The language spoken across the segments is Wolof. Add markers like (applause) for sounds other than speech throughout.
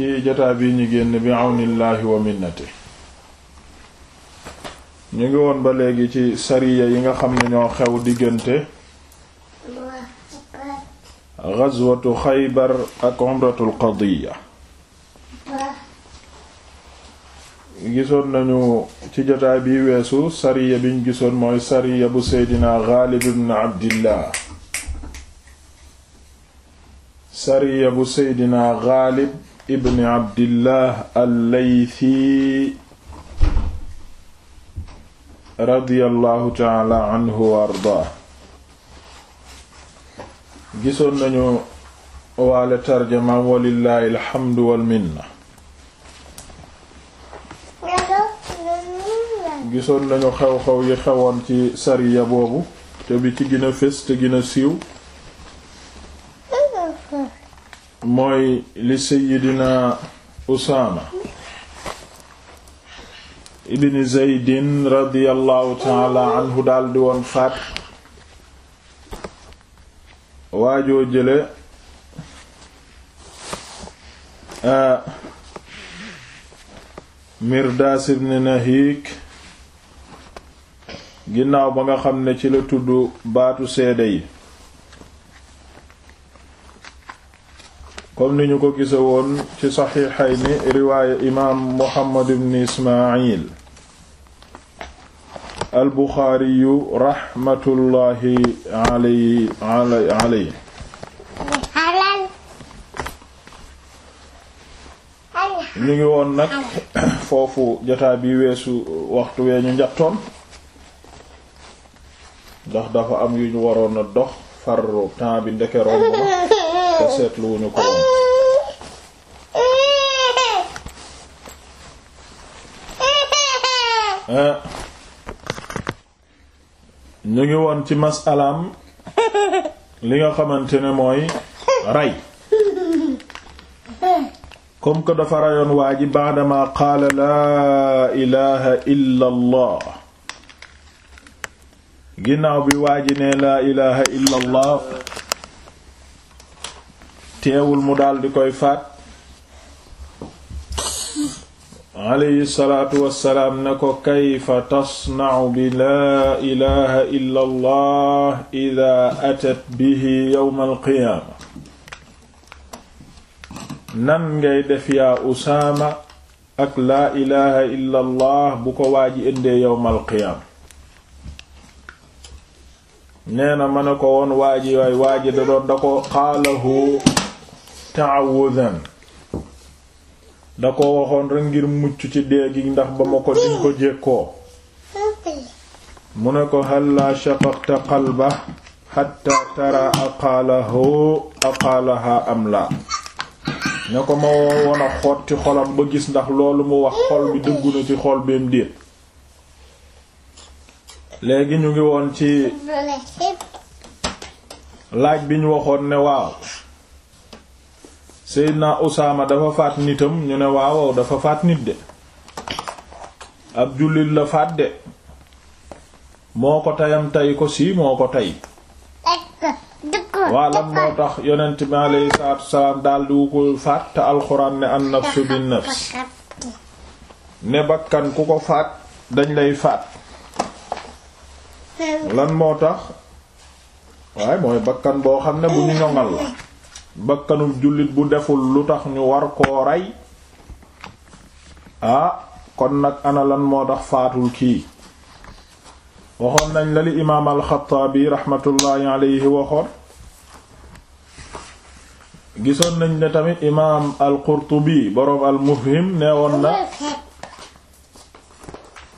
ci jotaa bi ñu génn bi àwnillaahi wa minnati ñu ngi woon ba léegi ci sariya yi nga xam ne ñoo xew diggante gazwatu xaybar ak umratul qadiya gisoon nañu ci jotaay bi weesu sariya biñ gisoon mooy sariya bu seydina ghalib ibn abdillah sariya bu seydina ghalib ibn abdillah gisoon nañu waale tarjama walillahi alhamdu nañu xew-xew yi xewoon ci sariya boobu te bi ci gën a te gën siiw mooy li seydina usaama ibn zeydin radiyallahu taala anhu daldi woon faat waajoo jële mirdaas ibn nahik ginnaaw ba nga xam ne ci la tudd baatu seede yi comme ni ñu ko gise woon ci saxiixayni riwaaya imaam Muhammad ibn Ismaayil al Buxaariyu raxmatullaahi alayhi alayhi ñu ngi woon nag foofu jotaay bi weesu waxtu wee ñu njattoon ndax dafa am yu ñu waroon a dox far temps bi ndeke romb te seetlu ñu ko woon eh, ñu ngi woon ci masalaam li nga xamante ne mooy rey comme que dafa rayoon waa ji baadama qaala laa ilaha illa allah bi waa ji ne laa teewul mu daldi koy faat alayhi salaatu wassalaam ne ko kayfa tasna'u bi laa ilaha illa allah ida atat bihi yawm alqiyaama nan ngay def ak laa ilaha bu ko waaji indee yawm alqiyaama nee na ma ne ko woon waaji waay waaji da doon ta'awudan ko waxoon rekk ngir mucc ci dee gi ndax ba ma ko diñ ko jékkoo mu ne ko halla shaqaqta qalba hatta tara aqaalahu aqaalaha am la ne ko ma woon a xotti xolam ba gis ndax loolu mu wax xol bi dëggu na ci xol beem déet léegi ñu ngi woon ci laaj bi ñu waxoon ne waaw Seydina Usaama dafa faat nitam ñu ne waawoo dafa faat nit de ab jullit la faat de moo ko tayam tay ko sii moo ko tay waa lan moo tax yonent bi alayhi salaatu wasalaam daldi wu ko faat te alxuraan ne an nafsu bin ne bakkan ku ko faat dañ lay faat lan moo tax waaye mooy bakkan boo xam ne bu ñu ñoŋal la bakkanub jullit bu deful lu tax ñu war koo rey ah kon nag ana lan moo tax faatul kii waxoon nañ la li imaam alxataabi raxmatullaahi alayhi waxoon gisoon nañ ne tamit imaam alqurtubi boroom almufhim nee na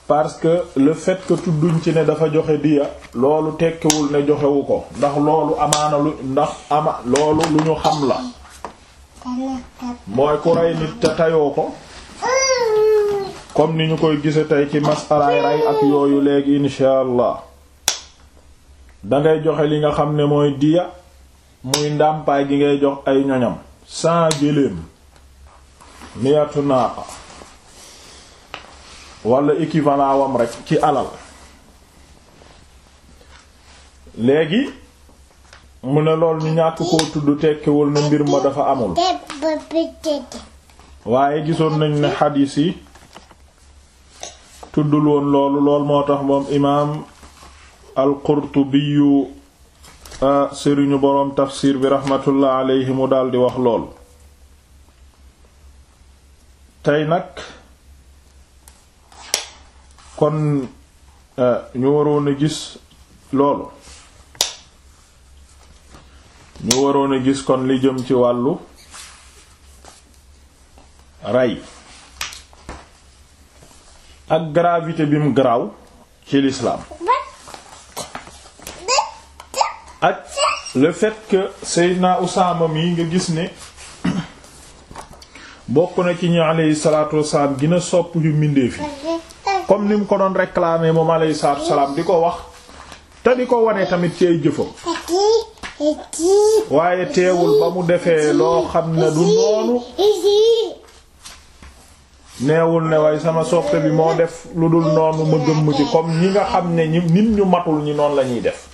parce que le fait que tudduñ ci ne dafa joxe diya loolu tekkiwul ne joxewu ko ndax loolu amaana lu ndax ama loolu lu ñu xam la mooy ku rey nit te tayoo ko comme ni ñu koy gise tey ci masalaay rey ak yooyu léegi insha allah dangay joxe li nga xam ne mooy diya muy ndàmpaay gi ngay jox ay ñoñam sans géléem niyatu naaqa walla équivalent wam rek ci alal léegi mu ne lool ñu ñàkk koo tudd tekkewul na mbir ma dafa amul waaye gisoon nañ ne xadiis yi tuddul woon loolu lool moo tax moom imaam al-Qurtubiyu sëriñu boroom tafsir bi raxmatullah alayhi mu daldi wax lool tey nag kon eh, ñu waroon a gis loolu ñu waroon a gis kon li jëm ci wàllu rey ak gravité bi mu garaaw ci l'islam ak le fait que Seydina Usaama mi nga gis ni bokk na ci ñu alayhi salaatu wasalaam gën a sopp yu mbindeef yi comme ni mu ko doon réclamer moom alayhi salaatu salaam di ko wax te di ko wane tamit ci ay jëfam waaye teewul ba mu defee loo xam ne du noonu neewul ne waaye sama soppe bi moo def lu dul noonu mu gëmm ci comme ñi nga xam ne ñi nit ñu matul ñi noonu lañuy def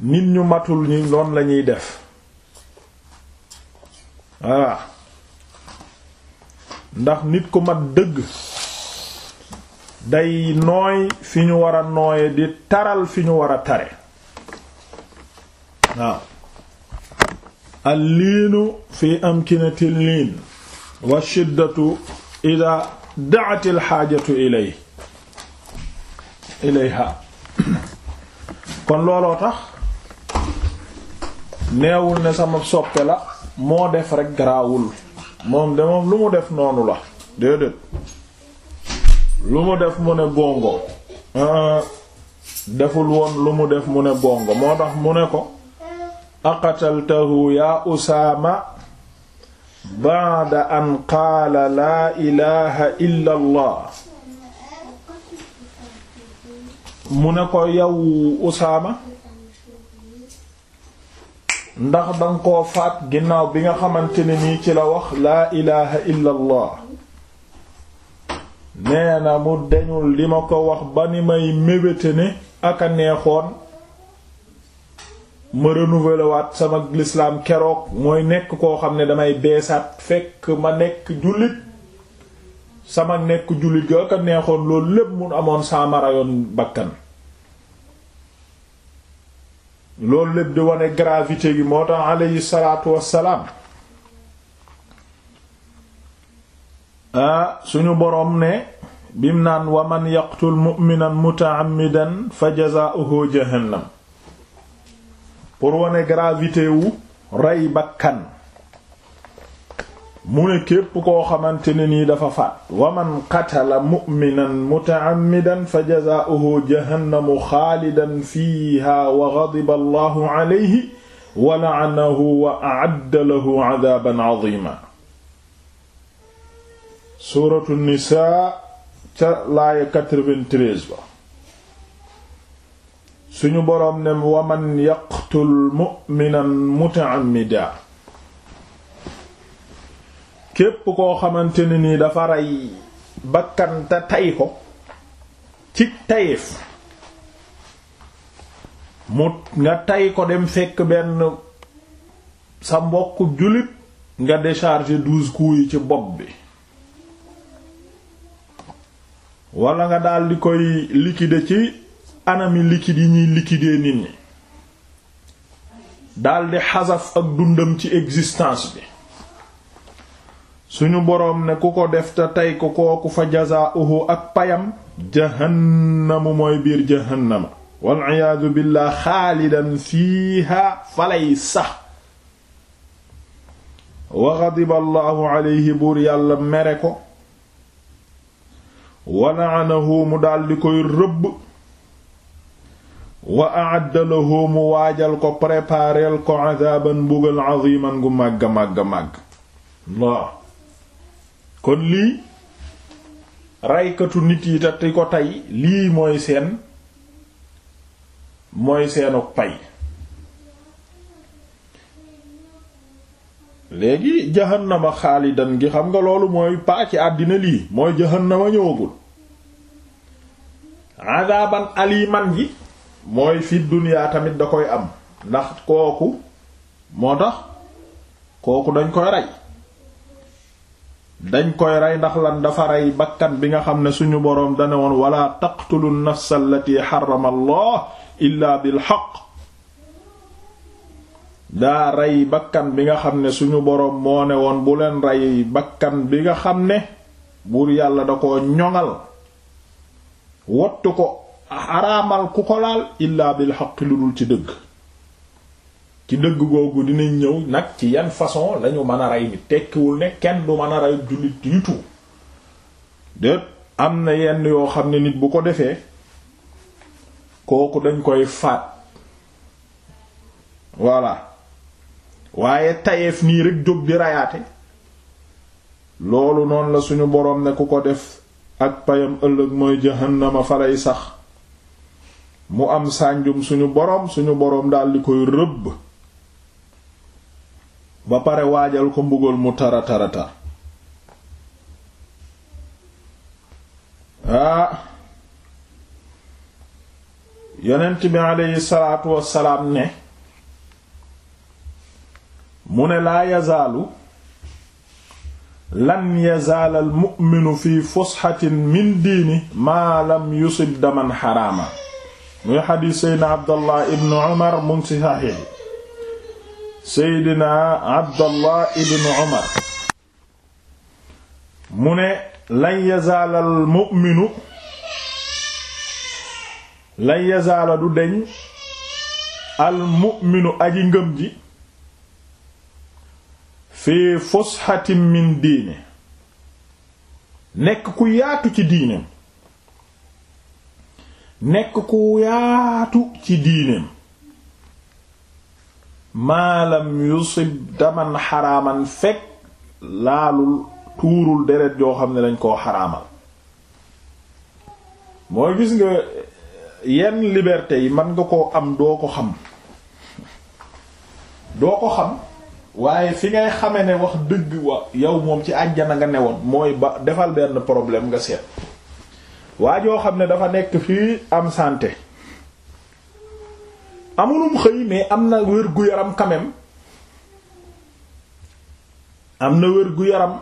nit ñu matul ñi noonu la ñuy def voilà ndax nit ku mat dëgg day nooy fi ñu war a nooye di taral fi ñu war a tare waaw al liinu fi amkinati liin wa shiddatu ida daat xaajatu ilay ilayha kon looloo tax neewul ne sama soppe la moo def rek garaawul moom de moom lu mu def noonu la déedéet lu mu def mu ne bongo ah, deful woon lu mu def mu ne bongo moo tax mu ne ko aqataltahu yaa usaama baada an qaala laa ilaha illa mu ne ko yow usaama ndax danga koo faat ginnaaw bi nga xamante ne nii ci la wax laa ilaha illa allah nee na mu deñul li ma ko wax ba ni may mébéte ak a neexoon ma renouveler sama lislaam keroog mooy nekk koo xam ne damay beesaat fekk ma nekk jullit sama nekk jullit ga ak a neexoon loolu lépp mun amoon yoon bakkan loolu lépp di wane gravité gi moo tax aleyhi salaatu wassalaam ah suñu boroom ne bim naan wa man yaqtul mu'minan muta'ammidan fa jazaa'uhu jahannam pour wane gravité wu rey bakkan mu ne képp koo xamante ne nii dafa faat wa man qatala mu'minan muta'ammidan fa jazaa'uhu jahannamu xaalidan fiiha wa ghadiba allahu alayhi wa la'anahu wa a'adda lahu 'adaaban 'aziima suuratu nisaa ca laaya 93 képp koo xamante ne nii dafa ray bakkan te tay ko ci tayeef mu nga tey ko dem fekk benn sa mbokk jullit nga décharger douze coups ci bopp bi wala nga daal di koy liquider ci anami liquide yi ñuy liquider nit ñi daal xasaf ak dundam ci existence bi suñu borom ne ku ko def te tey ko kooku fa jazaa'uhu ak payam jahannamu mooy biir jahannama wal iyaadu billah xaalidan fiiha falay sax wa ghadiba buur yàlla mere ko wa la'anahu mu daldi koy rëbb wa a'adda lahu mu waajal ko prépareel ko adaaban mbugal aziman gu màgg màgg màgg kon lii raykatu nit yi te ti ko tey lii mooy seen mooy seenu pay léegi jahannama xaalidan gi xam nga loolu mooy paa ci àddina lii mooy jahannama ñëwagul adaban aliman gi mooy fi duniyaa tamit da koy am ndax kooku moo tax kooku dañ koy rey dañ koy rey ndax lan dafa rey bakkan bi nga xam ne suñu boroom dane woon wala taqtulu nafsa allati xarama allah illa bil xaq daa rey bakkan bi nga xam ne suñu boroom moo ne woon bu leen rey bakkan bi nga xam ne buur yàlla da ko ñoŋal wottu ko araamal ku ko laal illa bil xaq lu dul ci dëgg ci dëgg googu dinañ ñëw nag ci yan façon lañu mën a rey nit tekkiwul ne kenn du mën a rey jullit du tout déet am na yenn yoo xam ne nit bu ko defee kooku dañ koy faat voilà waaye tayeef nii rek jóg di rayaate loolu noonu la suñu boroom ne ku ko def ak payam ëllëg mooy jahannama fa lay sax mu am sànjum suñu boroom suñu boroom di koy rëbb ba pare waajal ko mbugal mu tara tara tar ah yonent bi aleyhi wassalaam ne mu ne laa yazaalu lan yazaal al mu'minu fi fusxatin min diini maa lam yusib daman xaraama muy xadiis seydna abdallah ibnu umar mu ngi ci seydina abdallah ibn umar mu ne lan yazaal al mu'minu aji ngëm ji fi fushatin min diine nekk ku yaatu ci diineem nekk ku yaatu ci diineem maalam yusib daman xaraaman fekk laalul tuurul deret joo xam ne dañ koo xaraamal mooy gis nga yenn liberté yi mën nga koo am doo ko xam doo ko xam waaye fi ngay xame ne wax dëgg wa yow moom ci àjjana nga newoon mooy ba defal benn problème nga seet waa joo xam ne dafa nekk fii am santé amulum xëy mais am na wér-gu-yaram quand am na wér-gu-yaram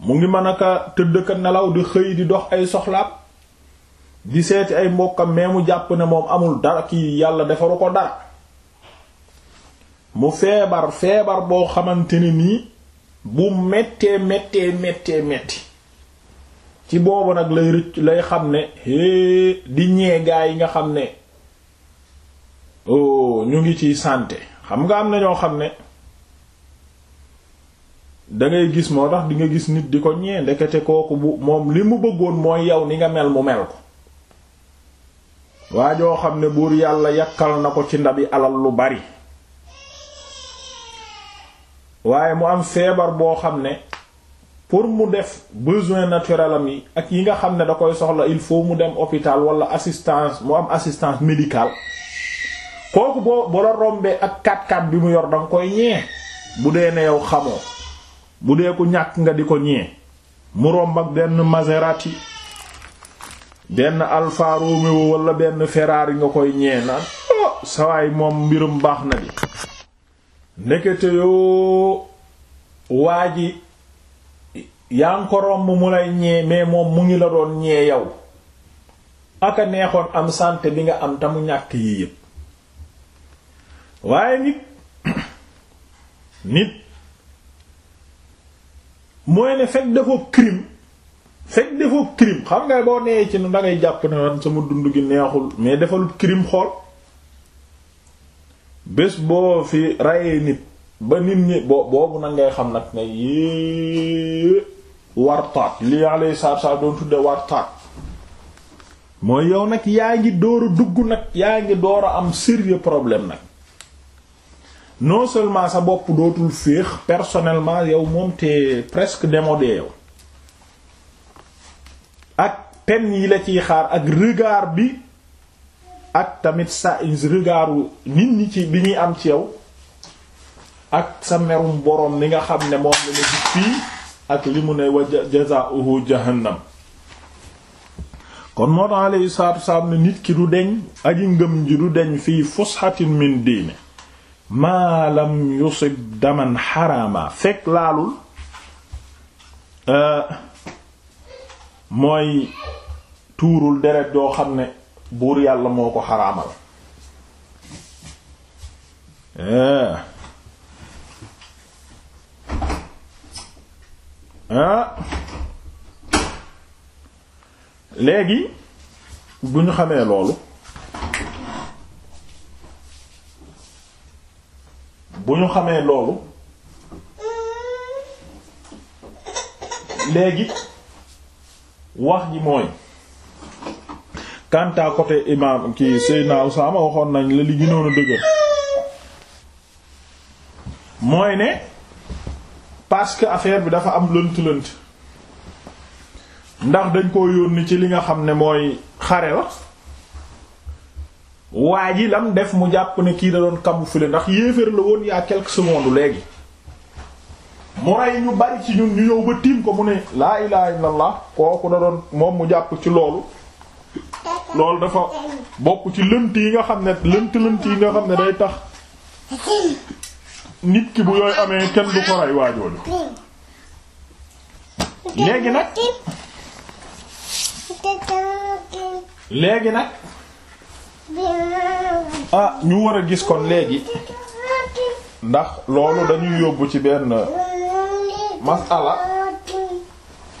mu ngi mën aka tëdd ka nelaw di xëy di dox ay soxlaam di seeti ay mbokkam mais mu jàpp ne moom amul dara kii yàlla defaru ko dara mu feebar feebar boo xamante ni nii bu méttee méttee méttee ci boobu nag lay rëcc lay xam ne hé di ñee gaa yi nga xam ne oh ñu ngi ci sante xam nga am na ñoo xam ne dangay gis moo tax di nga gis nit di ko ñee ndekete kooku bu moom li mu bëggoon mooy yow ni nga mel mu mel ko waa joo xam ne buur yàlla yàkkal na ko ci ndabi alal lu bari waaye mu am feebar boo xam ne pour mu def besoin naturel am yi ak yi nga xam ne da koy soxla il faut mu dem hôpital wala assistance mu am assistance médicale kooku boo bu la rombee ak 4-4 bi mu yor danga koy ñee bu dee ne yow xamoo bu dee ku ñàkk nga di ko ñee mu romb ak benn Maserati benn Alfa Romeo wala benn Ferrari nga koy ñee naan oh sawaay moom mbirum baax na di ndekete yoo waa ji yaa ngi ko romb mu lay ñee mais moom mu ngi la doon ñee yow aka neexoon am santé bi nga am tamu ñàkk yi yépp waaye nit nit mooy ne fekk defoo crime fekk defoo crime xam nga boo nee ci nu da jàpp ne man sama dund gi neexul mais defalul crime xool bés boo fi rayee nit ba nit ñi bo boobu nag ngay xam nag ne yée wartaat li yaa lay saab saab doon tudde wartaat mooy yow nag yaa ngi door dugg nag yaa ngi door a am sérieux problème nag non seulement sa bopp dootul féex personnellement yow moom te presque démodé yow ak pen yi la ci xaar ak regard bi ak tamit sa regardu nit ñi ci bi ñuy am ci yow ak sa merum boroom li nga xam ne moom la nekk fii ak li mu ne wa jazaa'uhu jahannam kon moo tax alayhi salaatu wasalaam ne nit ki du deñ aji ngëm ji du deñ fii fushatin min diine maa lam yusib daman xaraama fekk laalul euh, mooy tuurul deret yoo xam ne buur yàlla moo ko xaraamal euh, euh, léegi bu ñu xamee loolu bu ñu xamee loolu léegi wax ji mooy kanta côté imam ki Seydina Usaama waxoon nañ la li gënoon a dëgër mooy ne parce que affaire bi dafa am lënt-lënt ndax dañ koo yónni ci li nga xam ne mooy xare la waa ji lam def mu jàpp ne kii da doon camoufler ndax yéeféer la woon yaa quelques secondes léegi mu rey ñu bari ci ñu ñëw ba tiim ko mu ne laa ilaha illallah kooku da doon moom mu jàpp ci loolu loolu dafa bokk ci lënt yi nga xam ne lënt lënt yi nga xam ne day tax nit ki bu yooyu amee kenn du ko rey waajooju léegi nag léegi nag ah ñu war a gis kon léegi ndax loolu dañuy yóbbu ci benn masala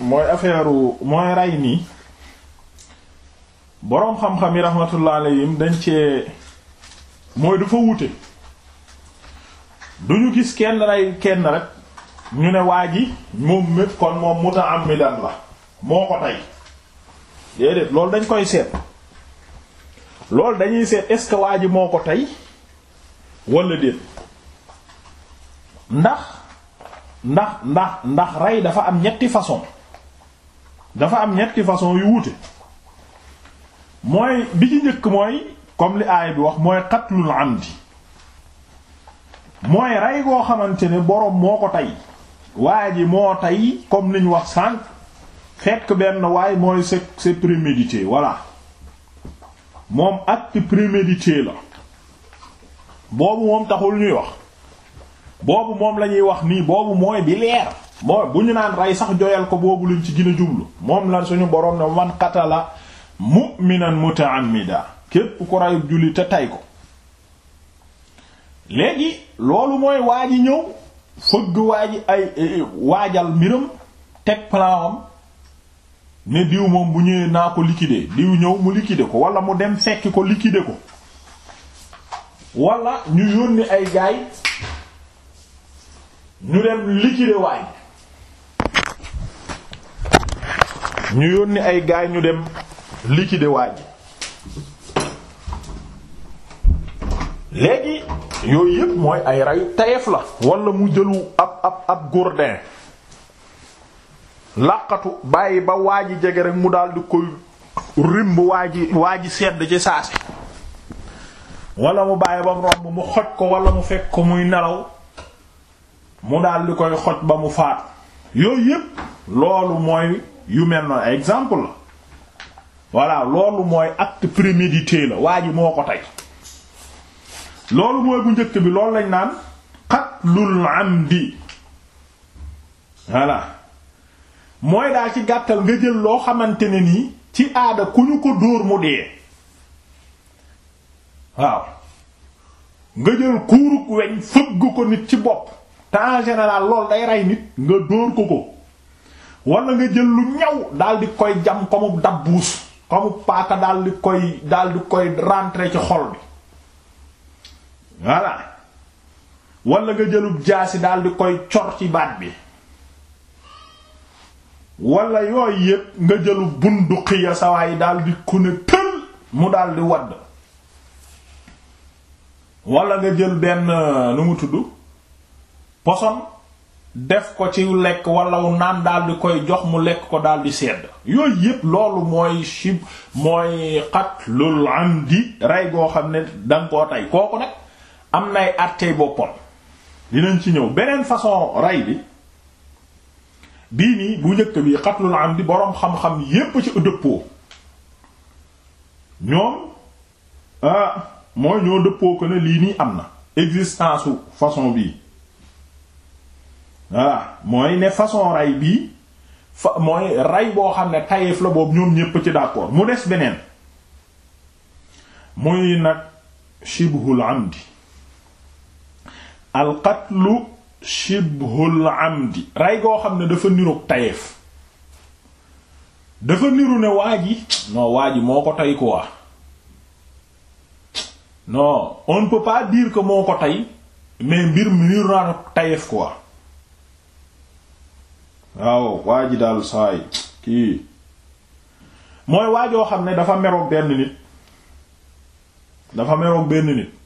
mooy affaire mooy rey nii boroom xam-xam yi rahmatullah alayhim dañ cee mooy du fa wuute du ñu gis kenn rey kenn rek ñu ne waa ji moom mépp kon moom muta'ammidan la moo ko tey déedéet loolu dañ koy seet loolu dañuy seet est ce waa ji moo ko tey wala déet ndax ndax ndax ndax rey dafa am ñetti façon dafa am ñetti façon yu wuute mooy bi ci njëkk mooy comme li aaya bi wax mooy qatlul amdi mooy rey koo xamante ne boroom moo ko tey waa ji moo tey comme liñ wax sànq fekk benn waay mooy c'est c'est prémédité voilà moom acte prémédité la boobu moom taxul ñuy wax boobu moom la ñuy wax nii boobu mooy bi leer mooy bu ñu naan rey sax joyal ko boobu luñ ci gën a jublu moom la suñu boroom ne man qatala mu'minan muta'ammida képp ku reyub julli te tay ko léegi loolu mooy waa ji ñëw fëgg waa ji ay eh, eh, waajal mbiram teg plan ne diw moom bu ñëwee naa ko liquider diw ñëw mu liquider ko wala mu dem fekki ko liquider ko wala ñu yónni ay gaay ñu dem liquider waay ñu yónni ay gaay ñu dem liquider waay léegi yooyu yëpp mooy ay rayu tayef la wala mu jëlu ab ab ab gourdin làqatu bàyyi ba waa ji jege rek mu daal di koy rimb waa ji waa ji sedd ci saasi wala mu bàyyi ba mu romb mu xoj ko walla mu fekk ko muy nelaw mu daal di koy xoj ba mu faatu yooyu yépp loolu mooy yu mel noonu exemple la voilà loolu mooy acte waa ji moo ko tey loolu mooy bu njëkk bi loolu lañ naan qatlul amdi voilà mooy daal ci gàttal nga jël loo xamante ni nii ci aada ku ñu ko dóor mu dee waaw nga jël kuurug weñ fëgg ko nit ci bopp te en général lool day rey nit nga dóor ko ko wala nga jël lu ñaw daal koy jam comme dabbuus comme paaka daal di koy daal koy rentrer ci xol bi voilà wala nga jëlub jaasi daal di koy cor ci baat bi wala yooyu yépp nga jëlu bunduqiya sawaay daal di ku ne tël mu daal wadd wala nga jël benn euh, nu mu tudd poson def ko ci lekk walla wu naan daal koy jox mu lekk ko daal di sedd yooyu yépp loolu mooy shib mooy qatlul amdi rey goo xam ne danga koo tey kooku nag am nay àttee boppam dinañ ci ñëw beneen façon rey bi bii nii bu njëkk bi xatlul am boroom xam-xam yépp ci dëppoo ñoom ah mooy ñoo dëppoo ko ne lii nii am na existence su façon bii voilà mooy ne façon ray bii fa mooy ray boo xam ne tayeef la boobu ñoom ñépp ci d'accord mu des beneen muy nag shibhul amdi al qatlu shibhul amdi rey goo xam ne dafa niroog tayeef dafa niru ne waa ji non waa ji moo ko tey quoi non on ne peut pas moo ko tey mais mbir mi niru naa tayeef quoi waaw waa ji daal saay kii mooy waajoo xam ne dafa meroog benn nit dafa meroog benn nit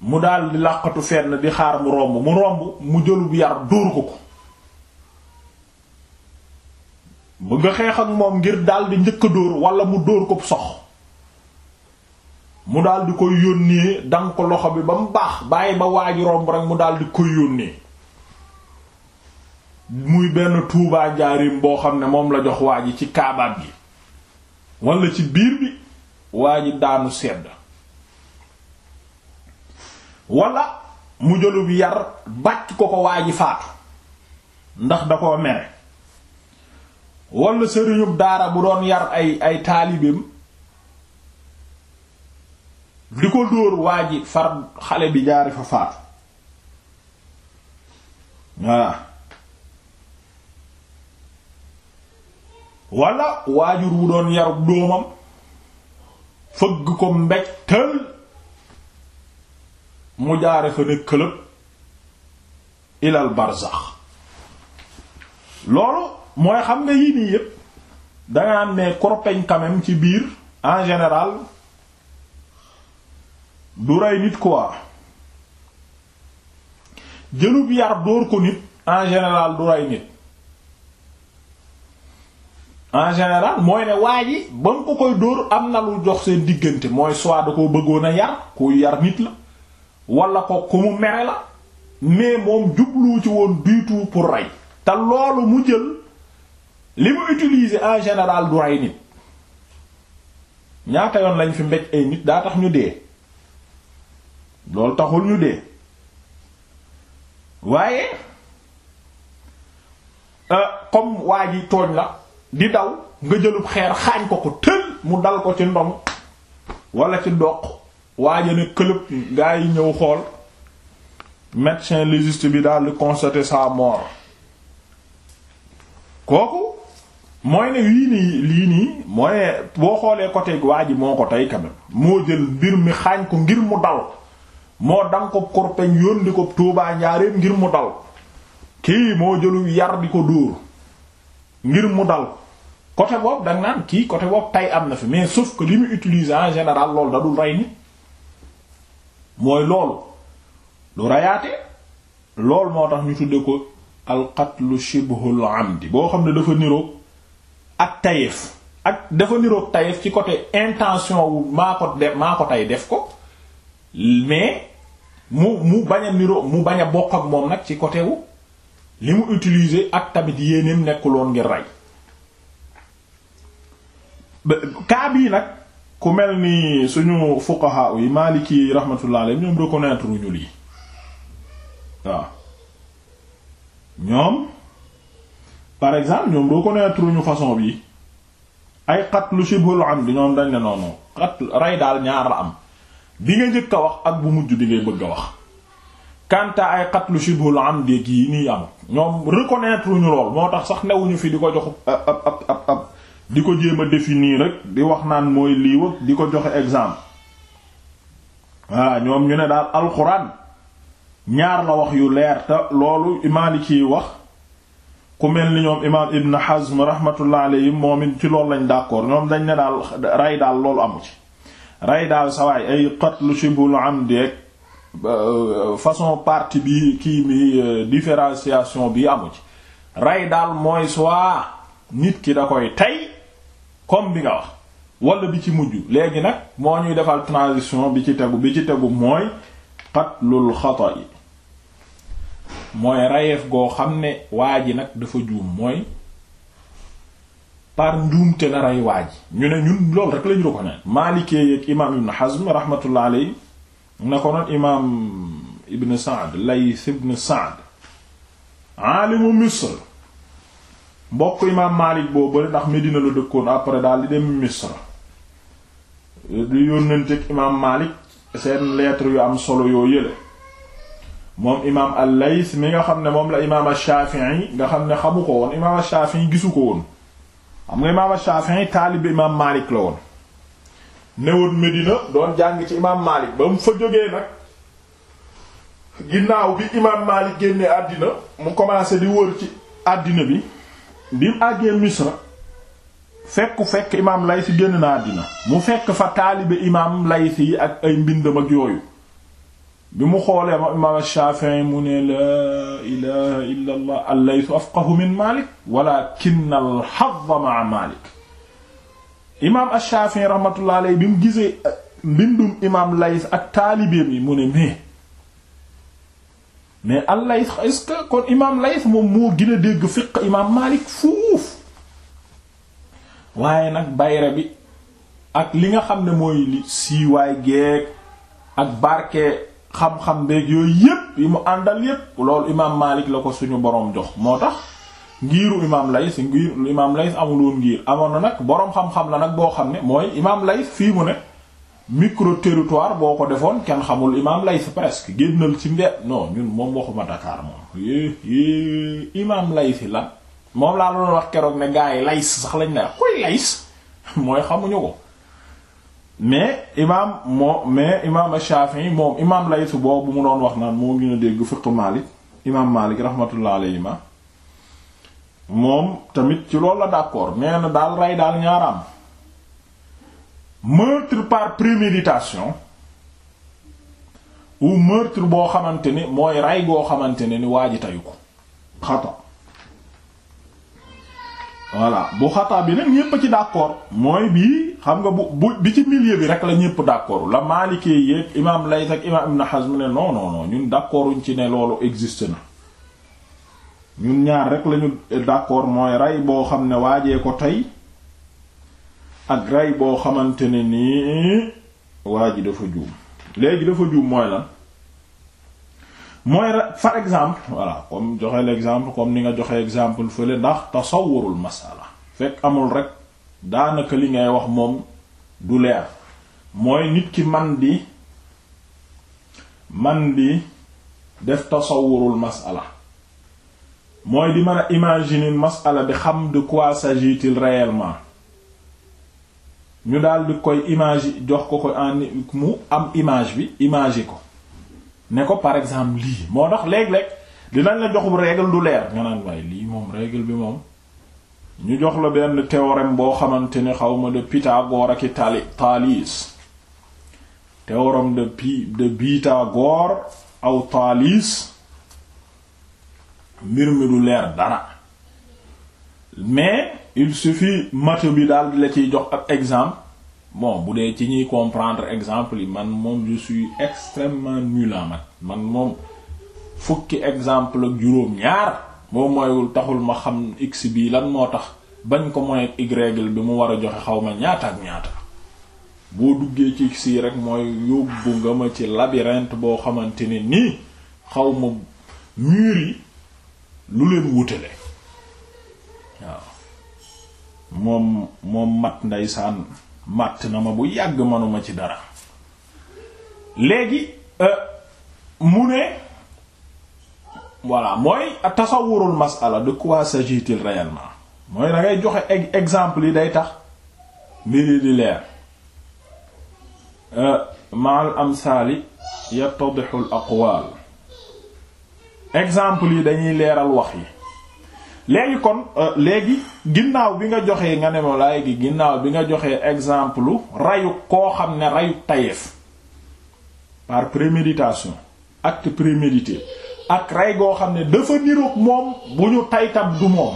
mu daldi di làqatu fenn di xaar mu romb mu romb mu jëlub yar dóor ko ko bu nga xeex ak moom ngir daldi njëkk dóor wala mu dóor ko sox mu daldi di koy yónnee danga ko loxo bi ba mu baax bàyyi ba waaju romb rek mu daldi di koy yónnee muy benn tuubaa njaarim boo xam ne moom la jox waa ci kaabaat gi wala ci biir bi waa daanu sedd wala mu jëlub yar bàcc ko ko waa ji faatu ndax da koo mere wala sëriñub daara bu doon yar ay ay di ko dóor waa ji far xale bi jaari fa faatu waaw wala waajur wu doon yarub doomam fëgg ko mbéj tël mu jaare fa ne këlëb ilal barzax loolu mooy xam nga yii nii yépp danga am ne korpeñ quand ci biir en général du rey nit quoi jëlub yar dóor ko nit en général du rey nit en général mooy ne waa ba nga ko koy dóor am na lu jox seen diggante mooy soit da koo bëggoon a yar kuy yar nit la wala ko ku mu mere la mais moom jublu ci woon du tout pour rey te loolu mu jël li mu utiliser en général du rey nit ñaata yoon lañ fi mbéj ay nit daa tax ñu dee loolu taxul ñu dee waaye euh, comme waa ji tooñ la di daw nga jëlub xeer xaañ ko ko tël mu dal ko ci ndom wala ci doq waaja ne këlëb gaa yi ñëw xool médecin légiste bi daal di constater sa mort kooku mooy ne lii nii lii nii mooy boo xoolee côté waa ji moo ko tey quand moo jël mbir mi xaañ ko ngir mu dal moo dang ko korpeñ di ko Tuubaa njaareem ngir mu dal kii moo jëlu yar di ko dóor ngir mu dal côté boobu danga naan kii côté boobu tey am na fi mais suuf ko li mu utiliser en général loolu da dul rey ni mooy loolu lu rayaate loolu moo tax ñu tudde ko alqatlu shibhul amdi boo xam ne dafa niroog ak tayef ak dafa niroog tayef ci côté intention wu maa ko def maa ko tay def ko mais mu mu bañ a niroo mu bañ a bokk ak moom nag ci côté wu li mu utiliser ak tamit yéeneem nekkuloon ngir rey cas bii nag ku mel ni suñu fuqaha yi maliki rahmatullah alayhi ñoom reconnaître ñu lii waaw ñoom par exemple ñoom reconnaître ñu façon bi ay qatlu shibhul amd ñoom dañ ne noonu qatl rey daal ñaar la am bi nga njëkk a wax ak bu mujj bi ngay bëgg a wax kanta ay qatlu shibhul amd yi nii am ñoom reconnaître ñu lool moo tax sax newuñu fi di ko jox ab ab ab di ko jéem a définir rek di wax naan mooy liiw di ko joxe exemple waa ñoom ñu ne daal alxuraan ñaar la wax yu leer te loolu Maliki wax ku mel ni ñoom imaam Ibn Hazm rahmatullah alayhi moom it ci loolu lañ d'accord ñoom dañ ne daal rey daal loolu amu ci rey daal sawaay ay qatlu shibul amdi ak euh, façon partie bi kii bi euh, différenciation bi amu ci rey daal mooy soit nit ki da koy tey comme bi nga wax walla bi ci mujj léegi nag moo ñuy defal transition bi ci tegu bi ci tegu mooy qatlul xata yi mooy rayeef goo xam ne waa ji nag dafa juum mooy par njuumte la rey waa ji ñu ne ñun loolu rek lañu ko naan maalikee yeeg imaam ibn Hazm rahmatullah alayhi na ko noon imaam ibn Sa'd Layth ibn Sa'd aalimu Misr mbokk imaam Maalik boobu bëri ndax Medina la dëkkoon après daal di dem Misra di yónnanteeg imaam Maalik seen lettre yu am solo yoo yële moom imaam al mi nga xam ne moom la imaam Shaafi'i nga xam ne xamu ko woon imaam Shaafi'i gisu ko woon xam nga imaam Shaafi'i taalibe imaam Maalik la woon newoon Medina doon jàng ci imaam Maalik ba mu fa jógee nag ginnaaw bi imaam Maalik génne àddina mu commencé di wër ci àddina bi bi mu àggee misra fekku fekk imaam laysi génn na àddina mu fekk fa taalibe imaam laysi yi ak ay mbindam ak yooyu bi mu xoolee ma imaam Shaafi'i mu ne laa ilaha illa allah allaysu afqahu min malik walakinna alxadda maa malik imaam Shaafi'i rahmatullah alayhi bi mu gisee mbindum imaam lays ak taalibeem yi mu ne mais mais al-Layth est kon imaam Layth moom moo gën dégg fiq imaam Maalik fuuf waaye nag bayra bi ak li nga xam ne mooy li siiwaay geeg ak barke xam-xam beeg yooyu yépp yi mu àndal yépp loolu imaam Maalik la ko suñu boroom jox moo tax ngiiru imaam Layth ngir imaam Layth amul ngiir amoon na nag boroom xam-xam la nag boo xam ne mooy imaam Layth fii mu ne. micro territoire boo ko defoon kenn xamul imaam Layth presque génnal ci mbedd non ñun moom waxuma Dakar moom yé imaam Layth lan moom laa doon wax keroog ne gars yi Layth sax lañ ne koy Layth (laughs) mais imaam moo mais imaam Shafi'i moom imaam Layth boobu mu doon wax naan moo gën dégg fiqh Maalik imaam Maalik rahmatullah alayhi ma moom tamit ci loolu la d'accord nee na daal rey daal ñaaram meurtre par préméditation ou meurtre boo xamante ni mooy ray goo xamante ne ni waa ji tayu ko xata voilà bu xata bi nag ñépp ci d'accord mooy bii xam nga bu bu bi ci milieu bi rek la ñépp d'accord la Maalikee yéeg imaam Layth ak imaam Ibn Hazm ne non non non ñun d'accorduñ ci ne loolu existe na ñun ñaar rek lañu d'accord mooy ray boo xam ne waajee ko tey ak rey boo xamante ne nii waa ji dafa juum léegi dafa juum mooy lan mooy par exemple voilà comme joxe exemple comme ni nga joxe exemple fële ndax tasawurul masala fekk amul rek daanaka li ngay wax moom du leer mooy nit ki man di man di def tasawurul masala mooy di mën a imaginer masala bi xam de quoi s'agit-il ñu daal di koy image jox ko ko en mu am image bi image ko ne ko par exemple lii moo tax léeg-léeg dinañ la joxum règle du leer nga naan waaye lii moom règle bi moom ñu jox la benn théorème boo xamante ne xaw ma de Pythagore ak Tali Thalès théorème de Pi de Pythagore aw Thalès mbir mi du leer dara mais. il suffit mato bi daal di la ciy jox ak exemple moom bu dee ci ñuy comprendre exemple yi man moom je suis extrêmement nul en man moom fukki exemple ak juróom-ñaar boo mooyul taxul ma xam x bii lan moo tax bañ ko mooy y bi mu war a joxe xaw ma ñaata ak ñaata boo duggee ci x yi rek mooy yóbbu nga ma ci labyrinthe boo xamante ne nii xaw ma murs lu leen wutale moom moom mat ndeysaan màtt na ma bu yàgg manuma ci dara léegi euh, mu ne voilà mooy tasawurul masala de quoi s'agit-il réellement mooy da ngay joxe exemple yi day tax mbiri di leer euh, maal amsaali yattadixu al exemple yi dañuy leeral wax yi léegi kon euh, léegi ginnaaw bi nga joxee nga ne ma gi ginnaaw bi nga joxee exemple rayu koo xam ne rayu tayeef par préméditation acte prémédité ak ray goo xam ne dafa niroog moom bu ñu taytab du moom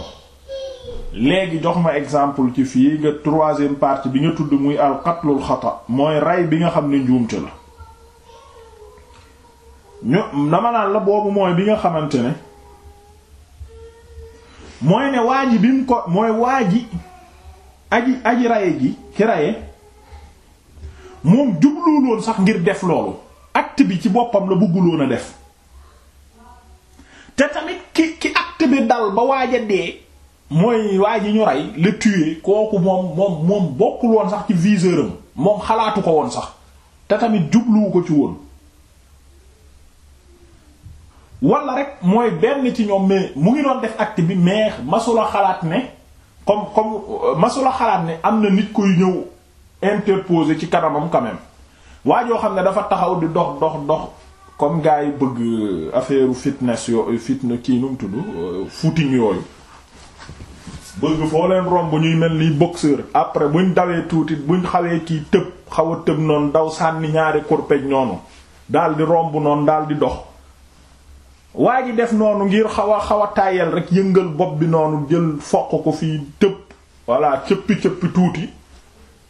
léegi jox ma exemple ci fii nga troisième partie bi nga tudd muy al qatlul xata mooy ray bi nga xam ne njuumte la ñu dama naan la boobu mooy bi nga xamante ne mooy ne waa bi mu ko mooy waa ji aji aji raye ji ki raye moom jubluwuloon sax ngir def loolu acte bi ci boppam la bëgguloon a def te tamit ki ki acte bi dal ba waaj dee mooy waa ji ñu rey le kooku moom moom bokkul woon sax ci viseur am moom xalaatu ko woon sax te tamit jubluwu ko ci woon wala rek mooy benn ci ñoom mais mu ngi doon def acte bi mais masula xalaat ne comme comme euh, masula xalaat ne am na nit kuy ñëw interposer ci kanamam quand waa joo xam ne dafa taxaw di dox dox dox comme gars yi bëgg euh, affaire fitness yo euh, fitna kii nu mu tudd footing yooyu bëgg foo leen romb ñuy mel ni boxeur après buñ dawee tuuti buñ xawee kii tëb xaw a tëb noonu daw sànni ñaari kurpej noonu daal di romb noonu daal di dox waa ji def noonu ngir xaw a xaw a tàyyal rek yëngal bopp bi noonu jël foq ko fii tëb voilà cëppi cëpp tuuti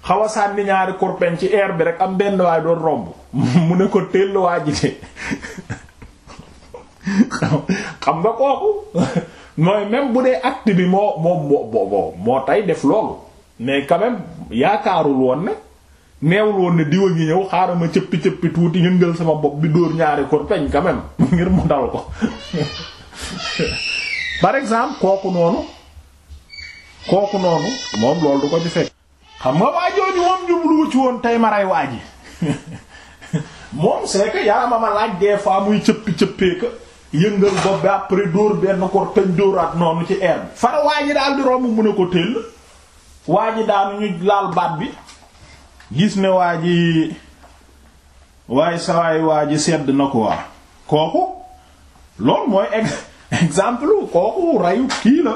xaw a sànni ñaari kurpen ci air bi rek am benn waay doon romb (laughs) mu ne ko teel waa ji de (laughs) xam nga kooku (laughs) mooy même bu dee acte bi moo moo moo moo moo tey def loolu mais quand yaakaarul woon ne. neewul woon ne diwa ngi ñëw xaaral ma cëppi cëppi tuuti yëngal sama bopp bi dóor ñaari ko peñ quand même (laughs) ngir mu dal ko (laughs) par exemple kooku noonu kooku noonu moom loolu ko ci fekk. xam nga moom jubluwu ci woon tey waa ji (laughs) moom c'est que yàlla ma ma laaj des fois muy cëppi cëppee yëngal bopp bi après dóor benn ko peñ dóoraat noonu ci air bi. fara waa ji daal di romb mu ne ko tëll waa ji daanu ñu laal baat bi. gis ne waa ji waaye sawaay waa ji sedd na ko waa kooku loolu mooy (laughs) exemple kooku rayu kii la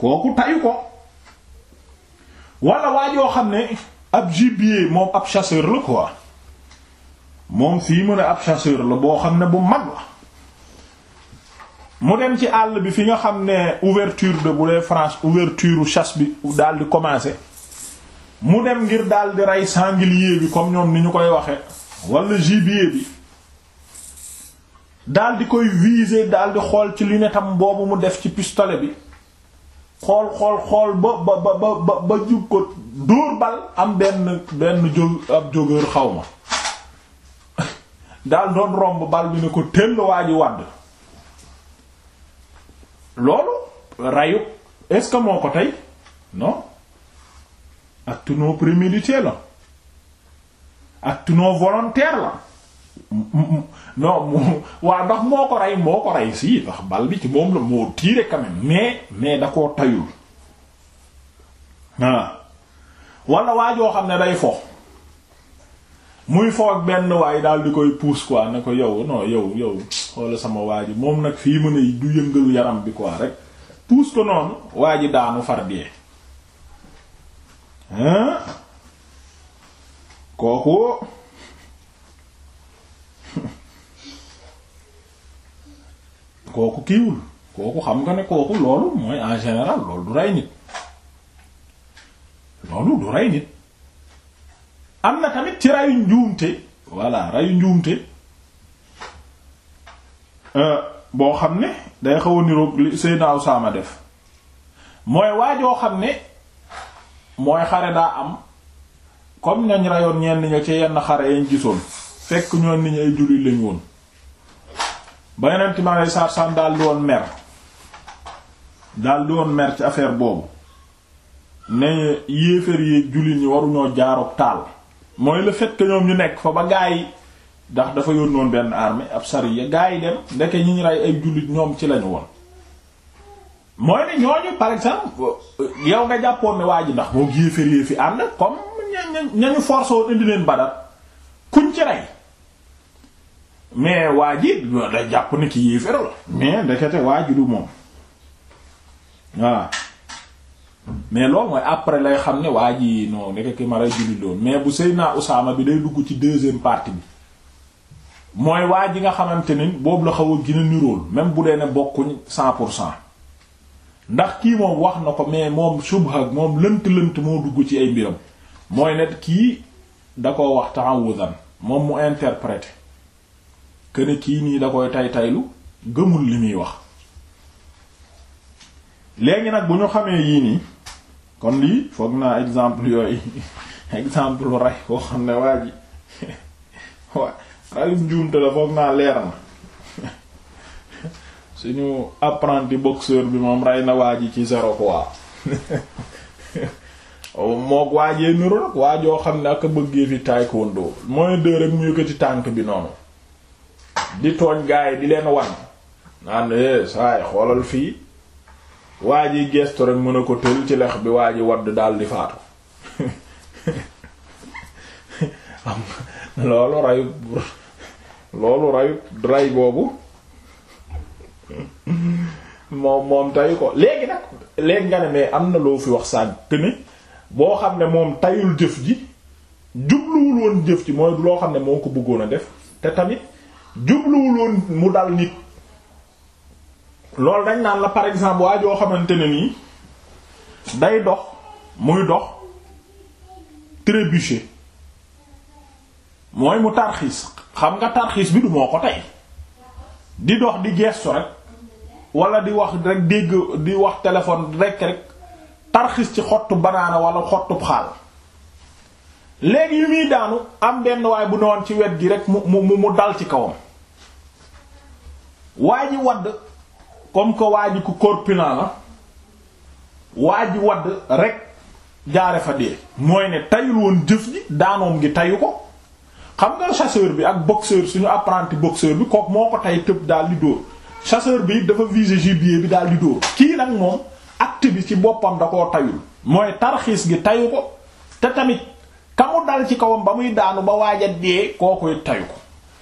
kooku tayu ko wala waa joo xam ne ab gibier moom ab chasseur la quoi moom fii mu ne ab chasseur la boo xam ne bu mag la mu dem ci àll bi fi nga xam ne ouverture de bu dee France ouverture chasse bi daal di commencer mu dem ngir daal di rey sanglier bi comme ñoom ni ñu koy waxee wala gibier bi daal koy viser daal xool ci lunette am boobu mu def ci pistolet bi xool xool xool ba ba ba ba ba jub ko dóor bal am benn benn jóg ab jógeur xaw ma (laughs) daal romb bal bi ne ko tëll waa ji wàdd loolu rayu est-ce que moo ko tey non acte non prémédité la acte non volontaire la non waaw ndax moo ko rey moo ko rey si ndax bal bi ci moom la moo tiire quand mais mais da koo tayul voilà wala waajoo xam ne day fo muy fo ak benn waay daal di koy pousse quoi ne ko yow non yow yow wala sama waaj moom nag fii mu ne du yëngalu yaram bi quoi rek pousse ko noonu waa daanu far dee kooku kooku kiiwul kooku xam nga ne kooku loolu mooy en général loolu du rey nit loolu du rey nit am na tamit ci reyu njuumte voilà reyu njuumte euh, boo xam ne day xaw a niroog li Seydina Usaama def mooy waajoo xam ne mooy xare daa am comme ñañ rayoon ñenn ña ci yenn xare yañ gisoon fekk ñoon nit ñi ay jullit lañ woon ba yeneen time ay sarsaan daal di woon mer daal woon mer ci affaire boobu ne yéeféer yi jullit ñi waruñoo jaaroog taal mooy le fait ñoom ñu nekk fa ba gaa yi ndax dafa yónnoon benn armée ab sariya gaa yi dem ndeke ñi ñu rey ay jullit ñoom ci lañu woon mooy ne ñooñu par exemple yow nga jàppoon ne waa ji ndax moo yéefar yéefi ànd comme ñañ ñañu force woon indi leen Badar kuñ ci rey mais waa ji da jàpp ne ki yéefar la mais ndekete waa ji du moom voilà mais loolu mooy après lay xam ne waa ji noo ndeke ki mara jullit loon mais bu Seydina Usaama bi day dugg ci deuxième partie bi mooy waa ji nga xamante ni boobu la xaw a gën a nirool même bu dee ne bokkuñ cent pour cent ndax kii moom wax na ko mais moom subha moom lënt-lënt moo dugg ci ay mbiram mooy ne kii da koo wax ta'awudan moom mu interprété que ne kii nii da koy tay taylu gëmul li muy wax léegi nag bu ñu xamee yii nii kon lii foog naa exemple yooyu (laughs) exemple rey koo xam ne waa ji (laughs) waa rayu njuumte la foog naa leer na suñu apprenti boxeur bi moom rey na waa ji ci zéro quoi (laughs) mook waajee niru rek waajoo xam ne ak bëggee fi taekwondo mooy deux rek mu yëkkati tànk bi noonu di tooñ gaay di leen wan naan eh saay xoolal fii waa ji gestu rek mën a ko tël ci lex bi waa wadd daal di faatu (laughs) loolu rayu loolu rayu ray boobu moom moom tayu ko léegi nag léegi nga am na loo fi wax sànk ne boo xam ne moom tayul jëf ji jubluwul woon jëf ji mooy loo xam ne moo ko bëggoon a def te tamit jubluwul woon mu dal nit loolu dañ naan la par exemple waa joo xamante ne nii day dox muy dox trébuché mooy mu tarxiis xam nga tarxiis bi du moo ko tey di dox di gestu rek wala di wax rek dégg di wax téléphone rek rekk tarxis ci xottu banaana wala xottu xaal léegi yu muy daanu am benn waay bu newoon ci wet gi rek mu mu mu dal ci kawam waa ji wadd comme que waa ji ku corpulent la ji wadd rekk jaare fa dee mooy ne tayul woon jëf ji daanoom gi tayu ko xam nga chasseur bi ak boxeur suñu apprenti boxeur bi kook moo ko tay tëb daal di dóor chasseur bi dafa viser gibier bi daal di dóor kii nag moom act bi ci boppam da koo tayul mooy tarxiis gi tayu ko te tamit ka mu dal ci kawam ba muy daanu ba waaj a dee kooku tayu ko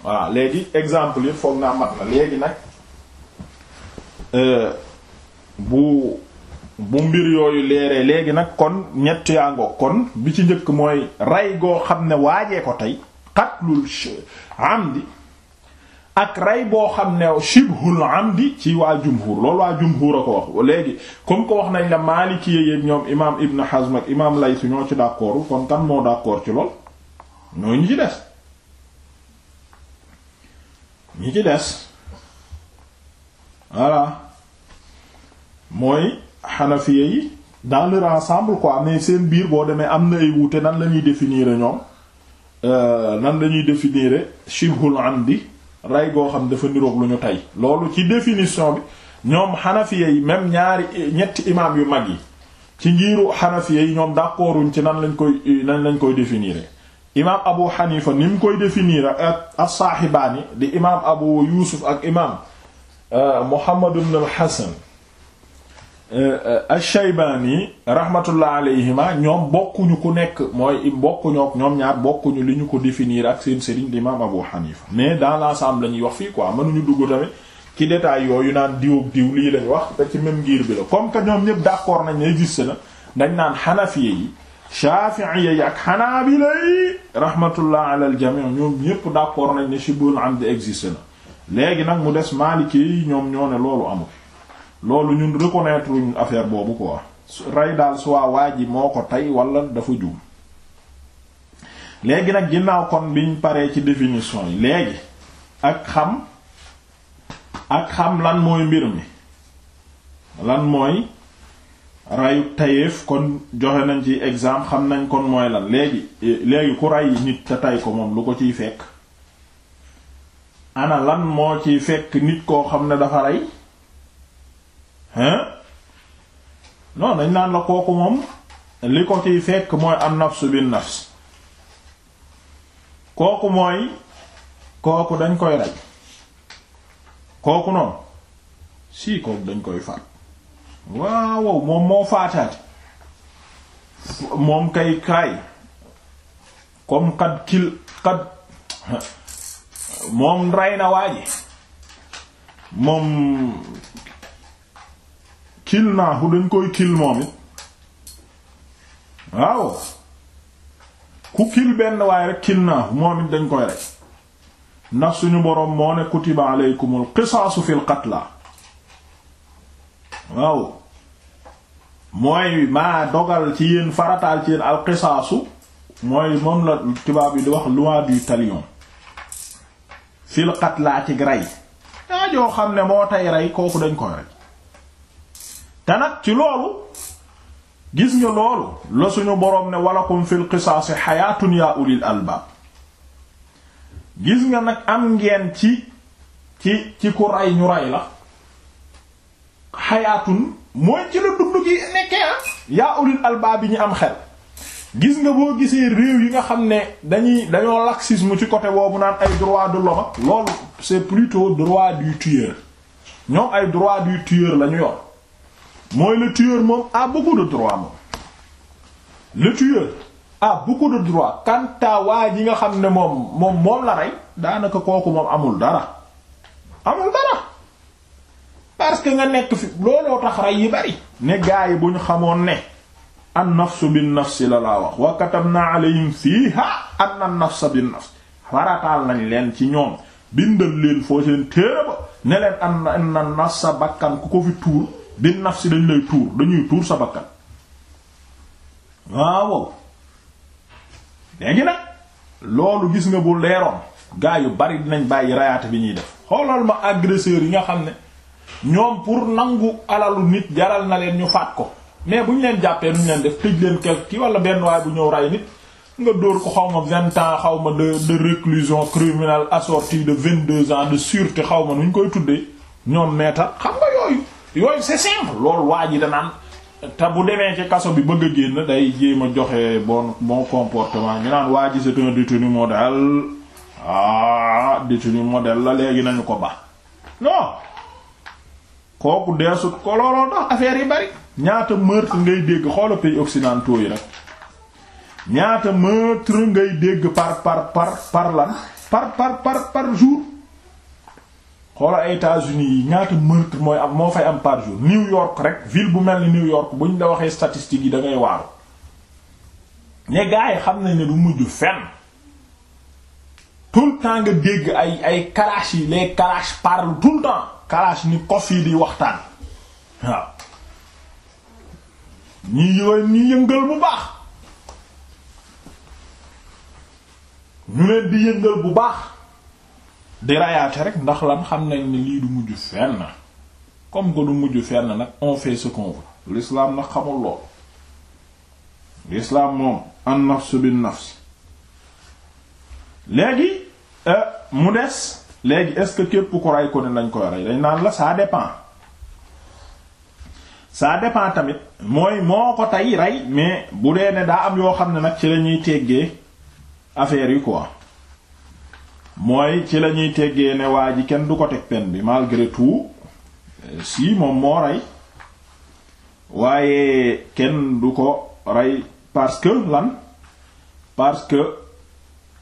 voilà léegi exemple yi foog naa mat na léegi nag euh, bu bu mbir yooyu leeree léegi nag kon ñett yaa kon bi ci njëkk mooy rey goo xam ne waajee ko tey xatlul amdi ak rey boo xam ne shibhul amdi ci waa jumhur loolu waa jumhur a ko wax léegi comme ko wax nañ la Maliki yeeg ñoom imaam Ibn Hazm ak imaam Layth ñoo ci d'accord kon kan moo d'accord ci lool ñooy ñi ci des ñi ci des voilà mooy xanafiya yi dans leur ensemble quoi mais seen biir boo demee am na ay wuute nan la ñuy définir ñoom euh, nan lañuy ñuy définir shibhul amdi rey goo xam dafa niroog lu ñu tey loolu ci définition bi ñoom xanafiya yi même ñaari ñetti imaam yu mag yi ci ngiiru xanafiya yi ñoom d'accorduñ ci nan lañ koy nan lañ koy définir imaam abu xanifa ni mu koy définir ak as-saaxibaani di imaam abu yusuf ak imaam euh, muhammad ibn al-hasan Euh, euh, Ash-Shaybani rahmatullah alayhima ñoom bokkuñu ku nekk mooy bokkuñoo ñoom ñaar bokkuñu li ñu ko définir ak seen sëriñ l'imam Abu Hanifa mais dans l'ensemble la ñuy wax fii quoi mënuñu dugg tamit ci détail yooyu naan diw ak diw lii wax te ci même ngir bi la comme que ñoom ñëpp d'accord nañ ne existe na dañ naan xanafiye yi shafiiye yi ak xanaabila yi rahmatullah ala al jami ñoom ñëpp d'accord nañ ne shibul amd existe na léegi nag mu des maliki yi ñoom ñoo ne loolu amul loolu ñun reconnaître wuñ affaire boobu quoi rey daal soit waa ji moo ko tey walla dafa juum léegi nag ginnaaw kon biñ paree ci définition yi léegi ak xam ak xam lan mooy mbir mi lan mooy reyu tayeef kon joxe nañ ci exemple xam nañ kon mooy lan léegi léegi ku rey nit te tey ko moom lu ko ciy fekk ana lan moo ciy fekk nit koo xam ne dafa rey hein non dañ naan la kooku moom li ko ciy fekk mooy am nafsu bin nafs kooku mooy kooku dañ koy rey kooku noonu si kooku dañ koy faat waaw moom moo faataati moom kay kaay comme xad kil xad moom rey na waaji moom kil naahu dañ koy kil moom it waaw ku kil benn waaye rek kil naahu moom it dañ koy rek ndax suñu boroom moo ne kutiba aleykumul qisaasu fil qatla waaw mooy maa dogal ci yéen farataal ci yéen al qisaasu mooy moom la tubaab yi di wax loi du talion fil qatla ci rey daa joo xam ne moo tey rey kooku dañ koy rey te nag ci loolu gis nga loolu la suñu boroom ne wala fil qisaasi xayaatun yaa ulil albaab gis nga nag am ngeen ci ci ci ku ray ñu ray la xayaatun mooy ci la dund gi nekkee ah yaa ulil albaab yi ñu am xel gis nga boo gisee réew yi nga xam ne dañuy dañoo laxisme ci côté boobu naan ay droit de l'homme loolu c'est plutôt droit du tueur ñoom ay droit du tueur lañu yor mooy le tueur moom a beaucoup de droit moom le tueur a beaucoup droit quant waa ji nga xam ne moom moom moom la rey daanaka kooku moom amul dara amul dara parce que nga nekk fi looloo tax rey yi bari ne gaa bu ñu xamoon ne an nafsu bin nafsi la laa wax wa katabna alayhim fiha anna an nafsa bin nafs farataal nañ leen ci ñoom bindal leen foo seen téere ba ne leen na nafsa bakkan ku ko fi tuur bi nafsi dañ lay tuur dañuy tuur sa bakkan ah, waaw léegi nag loolu gis nga bu leeroon gaa yu bari dinañ bàyyi rayaate bi ñuy def xoolal ma agresseur yi nga xam ne ñoom pour nangu alalu nit jaral na leen ñu faat ko mais bu ñu leen jàppee nu duñ leen def tëj leen quelque kii wala benn waay bu ñëw ray nit nga dóor ko xaw ma vingt ans xaw ma de de réclusion criminelle assortie de vingt deux ans de sûreté xaw ma nu ñu koy tuddee ñoom meetar xam nga yooyu yooyu c'est simple loolu waa ji danaan te bu demee kaso bi bëgg a génn day jéem a joxe bon bon comportement ñu naan waa ji c'est un détenu modèle ah détenu modèle la léegi nañu ko ba non kooku deesut ko looloo tax affaire yi bari ñaata meurtre ngay dégg xoola pays occidentaux yi rek ñaata meurtre ngay dégg par par par par lan par par par jour xoolal États-Unis yi ñaata meurtre mooy am moo fay am par jour New York rek ville bu mel ni New York buñ la waxee statistiques yi da ngay waaru ne xam na ne du mujj fenn tout le temps nga dégg ay ay kalash yi les kalash parlent tout le temps kalash ni kof yi di waxtaan waaw ñi yëngal bu baax ñu leen di yëngal bu baax di rayaate rek ndax lan xam nañ ne lii du mujj fenn comme que du mujj fenn nag on fait ce qu'on veut l'islam nag xamul lool l'islam moom an nafs bin nafs léegi euh, mu des léegi est-ce que képp ko rey ko ne nañ koy rey dañ naan la saa dépend ça dépend tamit mooy moo ko tey rey mais bu dee ne daa am yoo xam ne nag ci lañuy teggee affaire yi quoi mooy ci lañuy teggee ne waa ji kenn du ko teg peine bi malgré tout euh, si moom moo rey waaye kenn du ko rey parce que lan parce que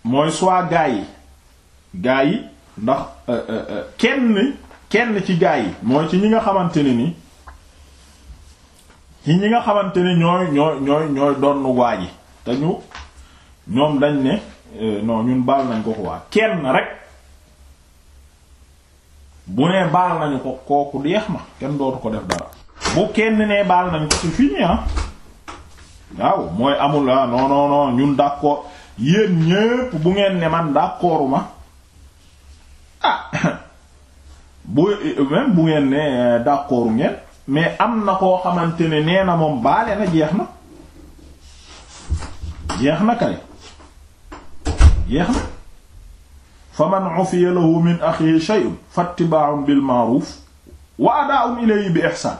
mooy soit gaa yi gaa yi ndax euh, euh, kenn kenn ci gaa yi mooy ci ñi nga xamante ne ni ci ñi nga xamante ne ñooy ñooy ñooy ñooy doon waa ji te ñoom dañ ne. Euh, non ñun baal nañ ko quoi kenn rek bu nee baal nañu ko kooku deex ma kenn dootu ko def dara bu kenn nee baal nañ ko c'est fini ah waaw mooy amul ah non non non ñun d'accord yéen ñépp bu ngeen ne man d'accorduma ah (coughs) bu même bu ngeen ne euh, d'accord ngeen mais am na koo xamante ne nee na moom baale na jeex na jeex naka kay. jeex na fa man ufiya lahu min axihi shay'un fattibaa'un bil ma'ruf wa adaa'un ilayhi bi ihsaan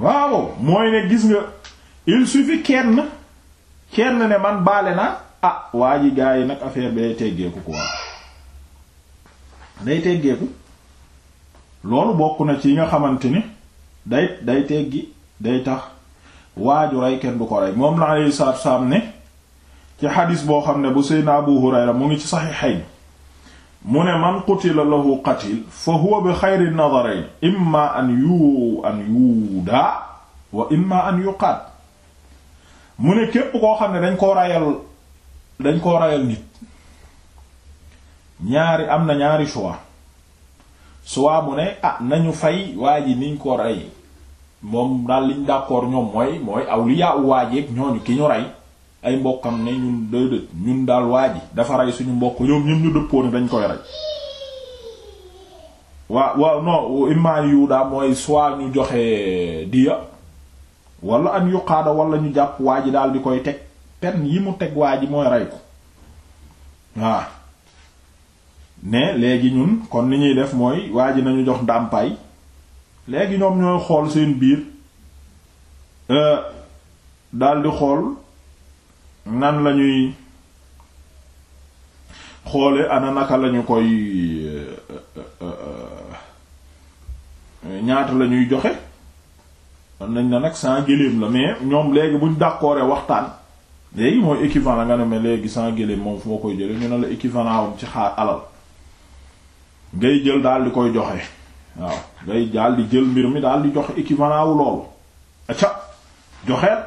waaw mooy ne gis nga il suffit kenn kenn ne man baale naa ah waa ji yi nag affaire bi day teggeeku quoi day teggeeku loolu bokk na ci yi nga xamante ni day day teggi day tax waaju rey kenn bu ko rey moom la alayhi salaatu salaam ne ci xadis boo xam ne bu seydna abu hurayra mu ngi ci saxiixayn mu ne man qutila lahu qatil fa huwa bi xayri nadarayn imma an yu an yuudaa wa imma an yuqaat mu ne képp koo xam ne dañ koo rayal dañ koo rayal nit ñaari am na ñaari choix soit mu ne ah nañu fay waa ji niñ ko rey moom daal liñ d'accord ñoom mooy mooy awliya waajeeg ñooñu ki ñu rey ay mbokkam ne ñun déedéet ñun daal waa ji dafa suñu mbokk ñoom ñun dañ koy raj waaw waaw non yu daa mooy soit ñu joxe diya wala an yuqaada wala ñu jàpp waa ji daal di koy teg pen yi mu teg waa ji mooy rey ko waaw ne léegi ñun kon ni ñuy def mooy waa ji nañu jox ndàmpaay léegi ñoom ñooy xool seen biir euh, daal di xool nan lañuy xoole ana naka lañu koy euh, euh, euh, ñaata lañuy joxe man nañ na nag sans géléem la mais ñoom léegi buñ dàqooree waxtaan léegi mooy la nga ne mais léegi sans géléem moom foo koy jële ñu ne la équivalent wam ci xaar alal ngay jël daal di koy joxe waaw ngay daal di jël mbir mi daal di jox équivalent wu loolu acca joxeel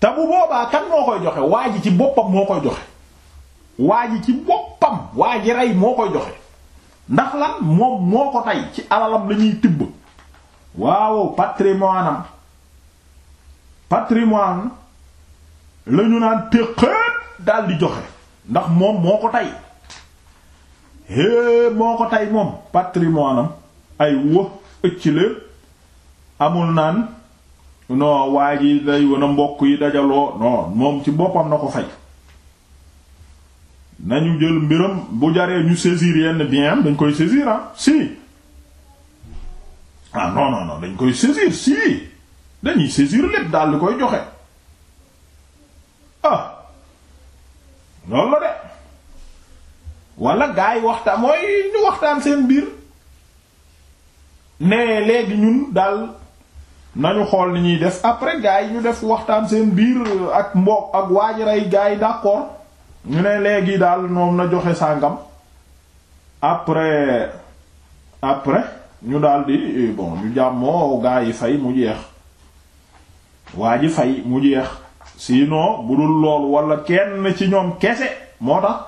te bu moo koy joxe waa ji ci boppam moo koy joxe waa ji ci boppam waa ji rey moo koy joxe ndax lan moom moo ko tey ci alalam lañuy ñuy tibb waaw patrimoine am patrimoine la ñu naan téqët daldi di joxe ndax moom moo ko tey é moo ko tey moom patrimoine am ay wë ëcc la amul naan non waa ji day wan a mbokk yi dajaloo non moom ci boppam na ko fay nañu jël mbiram bu jaree ñu saisir yenn bien dañ koy saisir ah si ah non dañ koy saisir si dañuy saisir lépp daal di koy joxe ah loolu la de wala gaa waxtaan mooy ñu waxtaan seen biir ne léegi ñun daal. nañu xool ni ñuy def après gars yi ñu def waxtaan seen biir ak mbokk ak waajaray gars yi d'accord ñu ne léegi daal moom na joxe sàngam après après ñu daal di eh, bon ñu jàmmoo gars yi fay mu jeex waa ji fay mu jeex sinon bu dul loolu wala kenn ci ñoom kese moo tax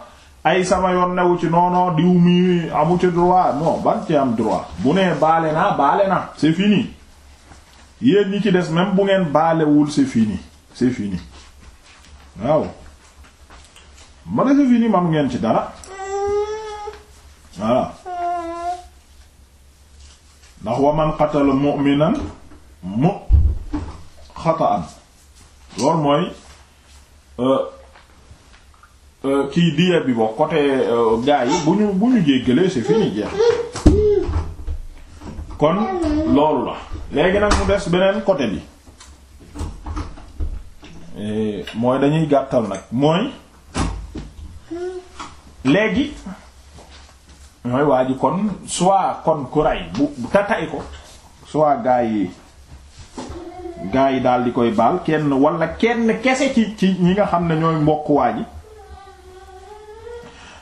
ay sama yoon newu ci non non diw mi amu ci droit non ban ci am droit bu nee baale naa baale naa c'est fini. yéen ñi ci des même bu ngeen baalewul c'est fini c'est waaw ma ne man ngeen ci dara voilà ndax wa man qatala mu'minan mu xata'an loolu mooy euh, euh, kii diya bi boo côté euh, gars yi bu ñu bu ñu jéggalee c'est fini jeex kon loolu la léegi nag mu des beneen côté bi eh, mooy dañuy gàttal nag mooy léegi ñooy waaji kon soit kon ku rey bu tatay ko soit gaa yi gaa yi daal di koy baal kenn wala kenn kese ci ci ñi nga xam ne ñooy mbokk waa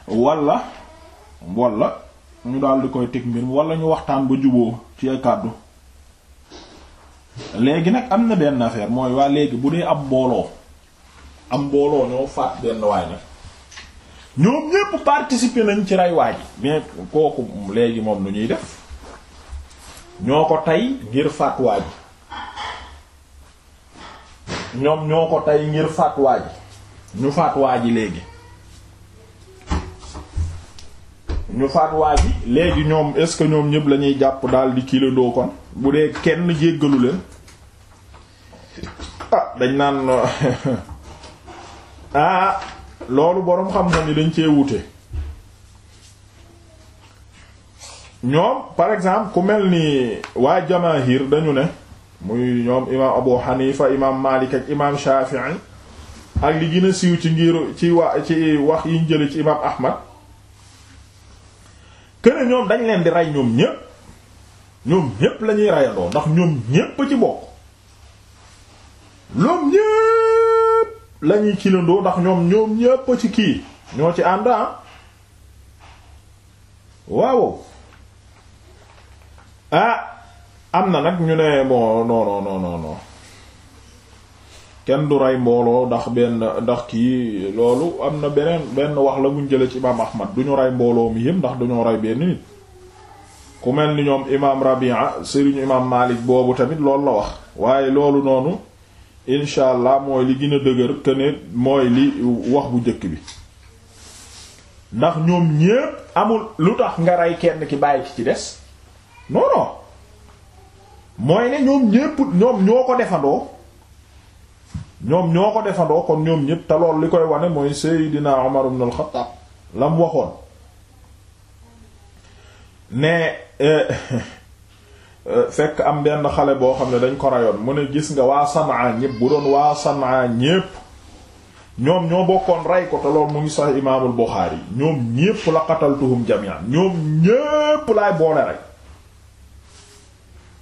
walla wala wala ñu daal di koy teg mbir wala ñu waxtaan ba juboo ci ay kàddu léegi nag am na benn affaire mooy waa léegi bu dee am mbooloo am mbooloo ñoo faat benn waay nag ñoom ñépp participer nañ ci rey waa ji mais kooku léegi moom lu ñuy def ñoo ko tey ngir faat waa ji ñoom ñoo ko tey ngir faat waa ji ñu faat waa ji léegi ñu faat waa ji léegi ñoom est ce que ñoom ñëpp lañuy jàpp daal kilo kilandoo kon bu dee kenn jéggalu leen ah dañ naan (laughs) ah loolu boroom xam-xam ni dañ cee wute ñoom par exemple ku mel ni waa jamaahir dañu ne muy ñoom imaam Abu Hanifa imaam Malik ak imaam Shafi'i ak li gën a siiw ci ngir ci wa ci wax yiñ jële ci imaam Ahmad këne ñoom dañ leen di rey ñoom ñépp ñoom ñépp la reyandoo ndax ñoom ñépp ci bokk ñoom ñépp la ñuy ndax ñoom ñoom ñépp ci kii ñoo ci ànd ah waaw ah am na nag ñu ne bon non non non non kenn du rey mbooloo ndax benn ndax kii loolu am na beneen benn wax la buñ jële ci imaam ahmad du ñu rey mbooloo mi yëpp ndax duñoo rey benn nit ku mel ni ñoom imaam rabia sëriñu imaam maalik boobu tamit loolu la wax waaye loolu noonu incha allah mooy li gën a dëgër te ne mooy li wax bu njëkk bi ndax ñoom ñépp amul lu tax nga rey kenn ki bàyyi ki ci des non non mooy ne ñoom ñépp ñoom ñoo ko defandoo ñoom ñoo ko defandoo kon ñoom ñépp te lool li koy wane mooy Seydina Umar ibn al la mu waxoon ne eh, (laughs) fekk am benn xale boo xam ne dañ ko rayoon mu ne gis nga waa Sanaa ñépp bu doon waa Sanaa ñépp ñoom ñoo bokkoon rey ko te lool mu ngi sax imaamul Buxaari ñoom ñépp la qataltuhum jami'an ñoom ñépp laay boole rey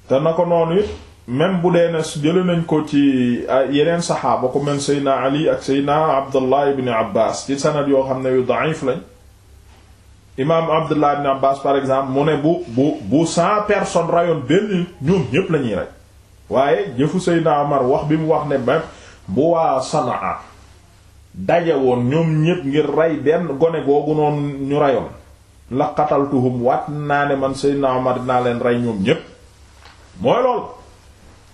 te na ko noonu it même bu dee na jële nañ ko ci yeneen saxaaba ku mel Seydina Ali ak Seydina Abdullah ibn Abbas ci sanad yoo xam ne yu da'if lañ imaam Abdullah ibn Abbas par exemple mu ne bu bu bu san personnes rayoon benn ñoom ñépp la rey waaye jëfu Seydina Omar wax bi mu wax ne même bu waa Sanaa daje woon ñoom ñépp ngir rey benn gone googu noonu ñu reyoon la qataltuhum waat naa ne man Seydina Omar dinaa leen rey ñoom ñépp mooy loolu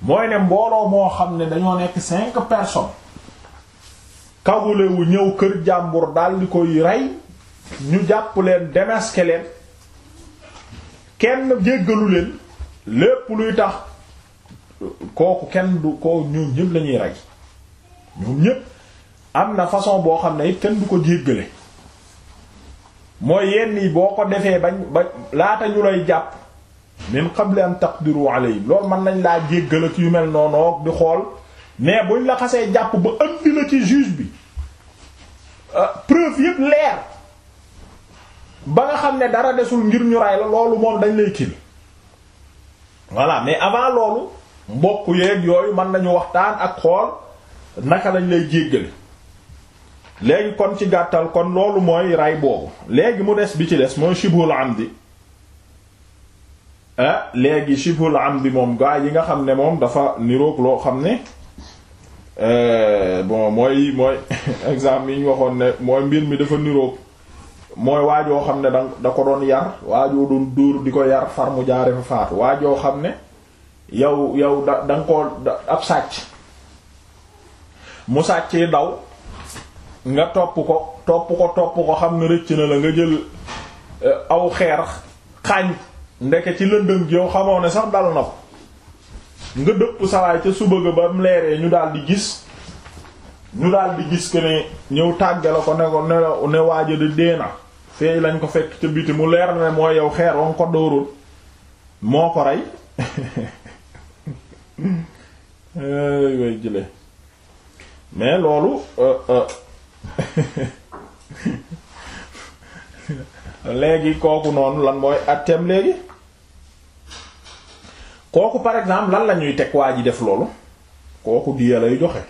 mooy ne mbooloo moo xam ne dañoo nekk cinq person kawule wu ñëw kër jàmbur daal di koy rey ñu jàpp leen démasqué leen kenn jéggalu leen lépp luy tax kooku kenn du ko ñoom ñëpp lañuy rey ñoom ñëpp am na façon boo xam ne it kenn du ko jéggale mooy yenn yi boo ko defee ba laata ñu lay jàpp min qabli an taqdiru alayhim loolu mën nañ laa jéggal ak yu mel noonu di xool mais buñ la xasee jàpp ba ëndi la ci juge bi euh, preuve yëpp leer ba nga xam ne dara desul ngir ñu ray la loolu moom dañ lay kil voilà mais avant loolu mbokk yeeg yooyu mën nañu waxtaan ak xool naka lañ lay jéggale léegi kon ci gàttal kon loolu mooy ray boobu léegi mu des bi ci des mooy shibhul amdi ah léegi shibhul amdi moom gaa yi nga xam ne moom dafa niroog loo xam ne eh, bon mooy mooy (laughs) exemple yi ñu waxoon ne mooy mbir mi dafa niroog mooy waajoo xam ne da da ko doon yar waajoo doon dóor di ko yar far mu jaare fa faatu waajoo xam ne yow yow da da nga koo ab sàcc mu sàccee daw nga topp ko topp ko topp ko xam ne rëcc na la nga jël eh, aw xeer xaañ ndeke ci lëndëm yow xamoo ne sax dal na ko nga dëpp sawaay ca suba ba mu leeree ñu daal di gis ñu daal di gis que ne ñëw tàgge ko ne ko ne ne waaja dee na feey lañ ko fekk ca biti mu leer na mooy yow xeer ko dóorul moo ko rey way loolu euh, euh. (laughs) léegi kooku noonu lan mooy àtteem léegi kooku par exemple lan la ñuy teg waa ji def loolu kooku diya lay joxe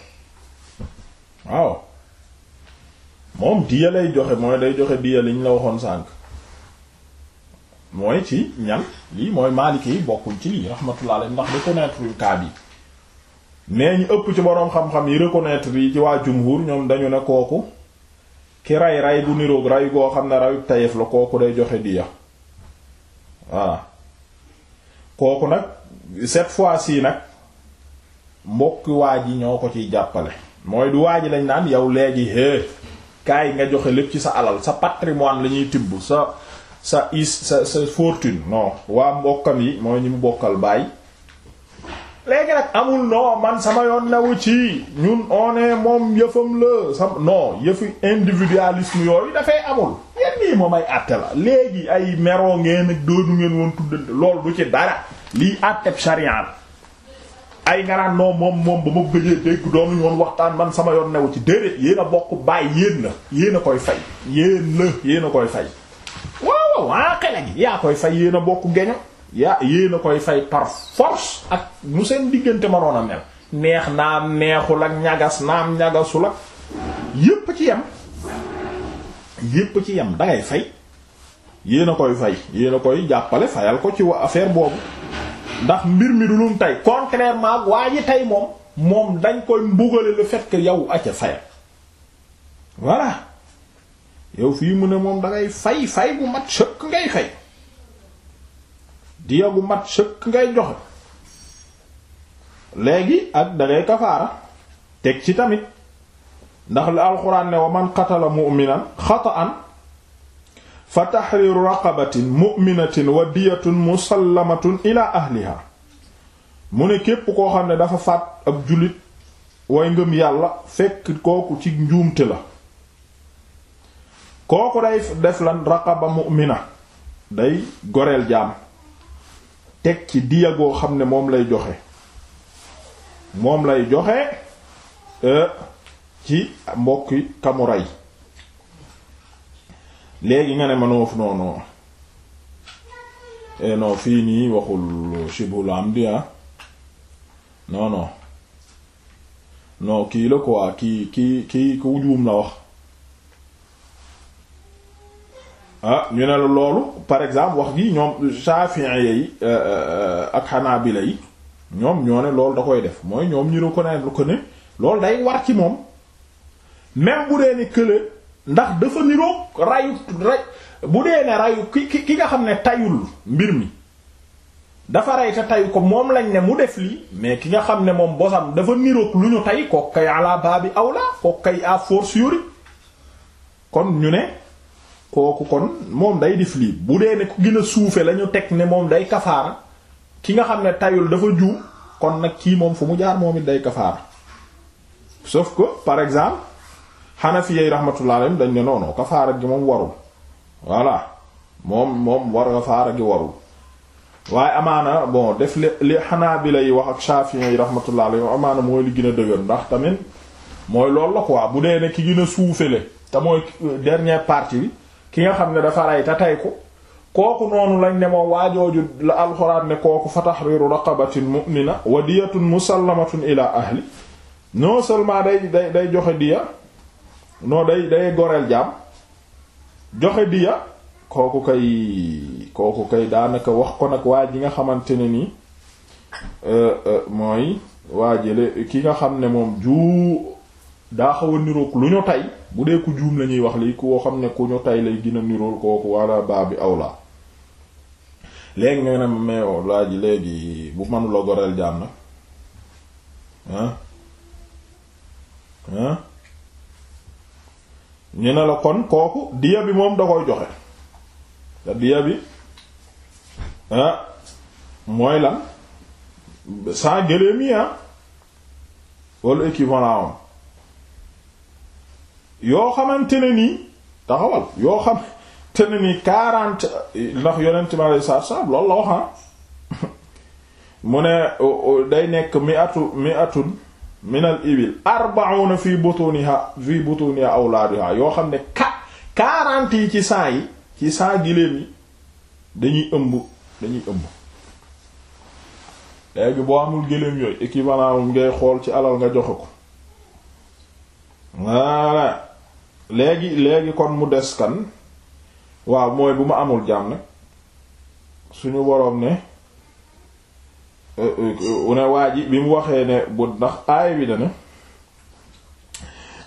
waaw moom diya lay joxe mooy day joxe diya liñ la waxoon sànq mooy ci ñan lii mooy Maliki yi bokkul ci lii rahmatullah alayhi ndax reconnaître yu cas bi mais ñu ëpp ci boroom xam-xam yi reconnaître yi ci waa jumhur ñoom dañu ne kooku ki ray ray bu niroog ray goo xam ne rayu tayef la kooku day joxe diya voilà kooku nag. cette fois-ci nag mbokki waa ji ñoo ko ci jàppale mooy du waa ji lañ naan yow léegi hé kaay nga joxe lépp ci sa alal sa patrimoine la ñuy tibb sa sa is sa sa fortune non waa mbokkam yi mooy ñu mu bokkal baay léegi nag amul non man sama yoon newu ci ñun on moom yëfam la sa non yëfi individualisme yooyu dafay amul yenn yi moom ay àtte la léegi ay meroo ngeen ak doodu ngeen woon tuddante loolu du ci dara lii àtteb sharia la ay nga naan noo moom moom ba ma bëjee dégg doonuñ woon waxtaan man sama yoon newu ci déedéet yéen bokk bàyyi yéen la yéen a koy fay yéen a koy fay waaw waaw ah, koy yéen a bokk geño yéen a koy fay par force diggante manoon a neex naam neexul ak ñagas naam ñagasul ak yépp ci yem ci yem dangay fay yéen a yéen a koy jàppale fayal ko ci wa boobu ndax mbir mi du lum tey contrairement waa yi tey moom moom dañ koy mbugale le fait que yow acca fayal voilà yow fii mu ne moom dangay fay fay bu mat sëkk ngay fay diya bu mat sëkk ngay joxe léegi ak dangay kafaara teg ci tamit ndax li alxuraan ne wa man qatala mu'minan xata'an fa tahriiru raqabatin mu'minatin wa diyatun musallamatun ilaa ahliha mu ne képp koo xam ne dafa faat ak jullit way ngëm yàlla fekk kooku ci njuumte la kooku day def lan raqaba mu'mina day goreel jaam teg ci diya xam ne moom lay joxe moom lay joxe euh, ci mbokki kamu léegi nga ne ma noofu noonu eh fii nii waxul shibhul amdi ah non non kii la quoi kii kii kii ku juum la wax ah ñu ne la loolu par exemple wax gi ñoom Shafi'i yi eh, eh, ak Hanabila yi ñoom ñoo ne loolu da koy def mooy ñoom ñu reconnaître ko ne loolu day war ci moom même bu dee ni kële ndax dafa niroog rayu ray bu dee ne rayu ki ki nga xam ne tayul mbir mi dafa rey te tayu ko moom lañ ne mu def lii mais ki nga xam ne moom bosam dafa niroog lu ñu tay kook kay ala baabi awla kook kay à kon ñu ne kooku kon moom day def lii bu dee ne ku gën a suufe la ñu teg ne moom day kafaara ki nga xam ne tayul dafa juum kon nag kii moom fu mu jaar moom it day kafaara sof ko par exemple xanafi yey rahmatullah alayhim dañ ne noonu kafaara gi moom warul voilà moom moom war kafaara gi warul waaye amaana bon def li li bi lay wax ak shafi'i yi rahmatullah alayhim amaana mooy li gën a dëgër ndax tamit mooy loolu la quoi bu dee ne ki gën a suufele te mooy euh, dernière partie bi ki nga xam ne dafa rey te tey ko kooku noonu lañ ne moom waajooju la alxuraan ne kooku fa tahriru raqabatin mu'mina wa diyatun musallamatun ila ahli non seulement day day day joxe diya non day day goreel jaam joxe diya kooku kay kooku kay daanaka wax ko nag waa ji nga xamante ne nii euh, euh, mooy waa jële ki nga xam ne moom juu daa xaw a lu ñu tey bu dee ku juum la ñuy wax lii ku xam ne ku ñu tey lay gën a kooku wala baax bi aw la léegi nga ne meew oh, laa ji léegi bu mënula goreel jaam nag ah ah ñu ne la kon kooku diya bi moom da koy joxe te diya bi ah mooy lan saa gëléem yi ah wala équivalent am yoo xamante ne nii taxawal yoo xamante ne nii quarante ndax yonent mi alayhi salaatu salaam loolu la wax ah. (laughs) mu ne day nekk mi atu mi atun min al ibil arba'una fi butuniha fi butuniha awlaaduha yoo xam ne ka quarante ci cent yi ci cent giléem yi dañuy ëmb dañuy ëmb léegi boo amul géléem yooyu équivalent ngay xool ci alal nga joxe ko voilà léegi léegi kon mu des kan waaw mooy bu ma amul jaam nag suñu boroom ne ne waa ji bi mu waxee ne bu ndax aay bi dana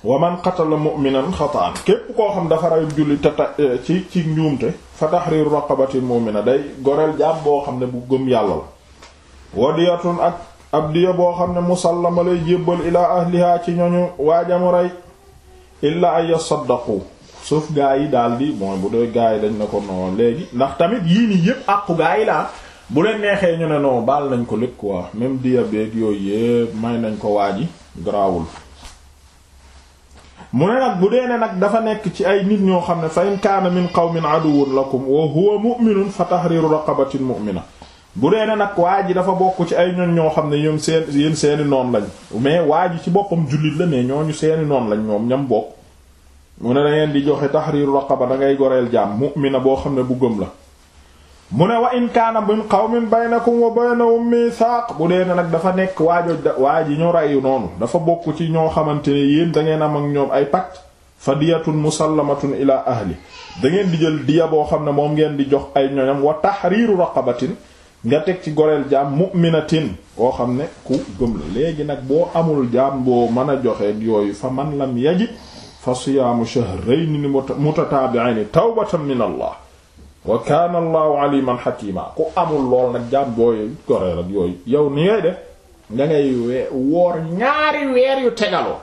wa man qatala mu'minan xataan képp koo xam dafa rey julli te ta eh, ci ci njuumte fa tahriru raqabatin mu'mina day goreel jaam boo xam ne bu gëm yàlla la wadiyatun ak ab boo xam ne musallama lay jébbal ilaa ahliha ci ñoñu waajamu rey illa ay yasaddaqu sauf gaa yi daal di mooy bu dee gaa yi dañ na ko noonu léegi ndax tamit yii nii yépp àqu gaa yi laa bu leen neexee ñu ne non baal nañ ko lépp quoi même diabète yooyu yépp may nañ ko waa ji garaawul mu ne nag bu dee ne nag dafa nekk ci ay nit ñoo xam ne fa in kaana min qawmin aduwwun lakum wa huwa mu'minun fa tahriru raqabatin na bu dee ne nag waa ji dafa bokk ci ay ñoon ñoo xam ne yéen seen yéen seeni noon lañ mais waa ji ci boppam jullit la ñoo ñu seeni noon lañ ñoom ñam bokk mu ne da ngeen di joxe tahriru raqaba da ngay goreel jaam mu'mina boo xam ne bu la mu ne wa in kaana min qawmin baynakum wa baynahum mithaq bu dee ne nag dafa nekk waajooj da waa ji ñu reyu noonu dafa bokk ci ñoo xamante ne yéen da ngeen am ak ñoom ay pacte fa diyatun musallamatun ila ahli da ngeen di jël diya boo xam ne moom ngeen di jox ay ñoñam wa tahriiru raqabatin nga teg ci goreel jaam mu'minatin koo xam ne ku gëm la léegi nag boo amul jaam boo mën a joxe yooyu fa man lam yajid fa siyaamu shahrayni mutatabi'ayni tawbatan min allah wa kaana allahu aliman ku amul lool nag jaam yow ni ngay def nga ngay woor ñaari weer yu tegaloo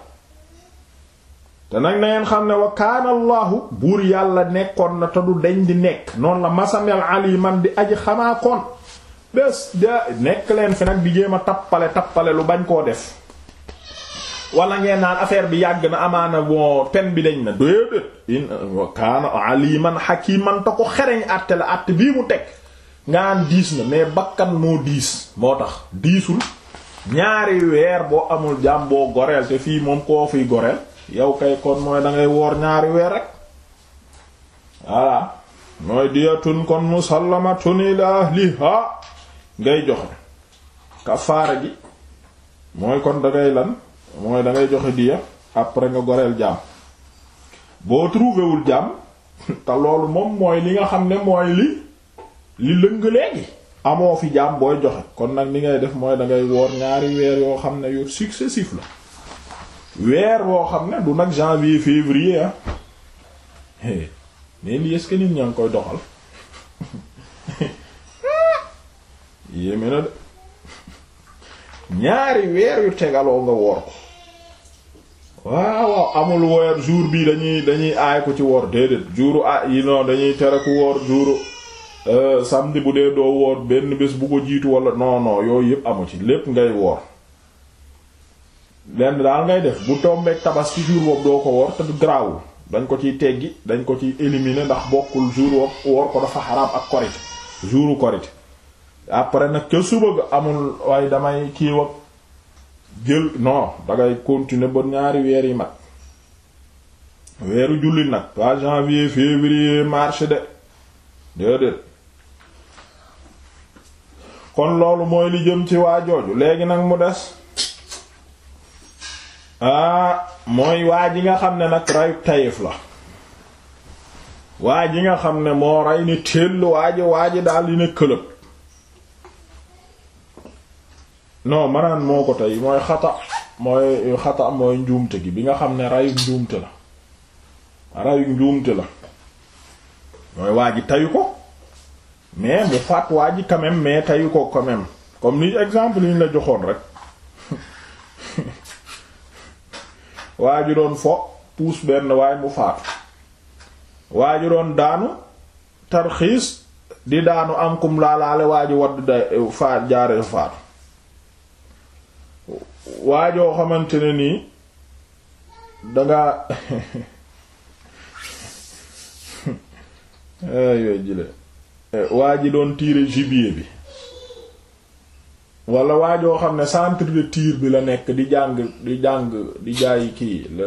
te nag na ngeen xam ne wa kaana allahu buur yàlla nekkoon na te du deñ di nekk noonu la masamel aliman di aji xamaakoon bés da nekk leen fi nag di jéem a tappale tappale lu bañ koo def wala ngeen naan affaire bi yàgg na amaana bon pen bi dañ na déedéet in kaana aliman hakiman te ko xereñ àtte la àtte bii mu teg nga naan diis na mais bakkan moo diis moo tax diisul ñaari weer boo amul jàmm boo goreel te fii moom koo fiy goreel yow kay kon mooy da ngay woor ñaari weer rek voilà mooy diyatun kon musallamatun ila ahliha ngay joxe kafaara gi mooy kon da ngay lan mooy da ngay joxe diya après nga goreel jaam boo trouvéwul jaam te loolu moom mooy li nga xam ne mooy li li lëng léegi amoo fi jaam booy joxe kon nag li ngay def mooy da ngay woor ñaari weer yoo xam ne yu successif la weer woo xam ne du nag janvier février ah mais lii est-ce que nit ñaa ngi koy doxal (laughs) yéeme na de ñaari weer yu tegaloo nga woor ko waaw waaw amul woor jour bi dañuy dañuy aay ko ci woor déedéet jouru a yi non dañuy tere ku woor jouru euh, samedi bu dee doo woor benn bés bu ko jiitu wala non yooyu yëpp amu ci lépp ngay woor lenn daal ngay def bu tombeek tabaski jour boobu doo ko woor te garaawul dañ ko ciy teggi dañ ko ciy éliminer ndax bokkul jour woor ko dafa xaraam ak korite jouru korite après nag ca suba amul waaye damay kiiw ak jël non dangay continuer ba ñaari weer yi mat weeru julli nag pas janvier février mars de déedéet kon loolu mooy li jën ci waa jooju léegi nag mu des ah, mooy waa ji nga xam ne nag reyu tayif la waa ji nga xam ne moo rey ni téll waa ji waa ji daal di ne këlëb non manaan moo ko tey mooy xata mooy xata mooy njuumte gi bi nga xam ne rayu njuumte la rayu njuumte la mooy waa ji tayu ko mais mu faat waa ji quand mais tayu ko quand même comme ni exemple yi ñu la joxoon rek (laughs) waa ji doon fo puus benn waay mu faatu waa ji doon daanu tarxiis di daanu am kum laalaale waa ji wadd day faat jaaree faatu waajoo xamante ne nii danga (laughs) yooyu jile waa ji doon tirer gibier bi wala waajoo xam ne centre de tir bi la nekk di jàng di jàng di jaay kii la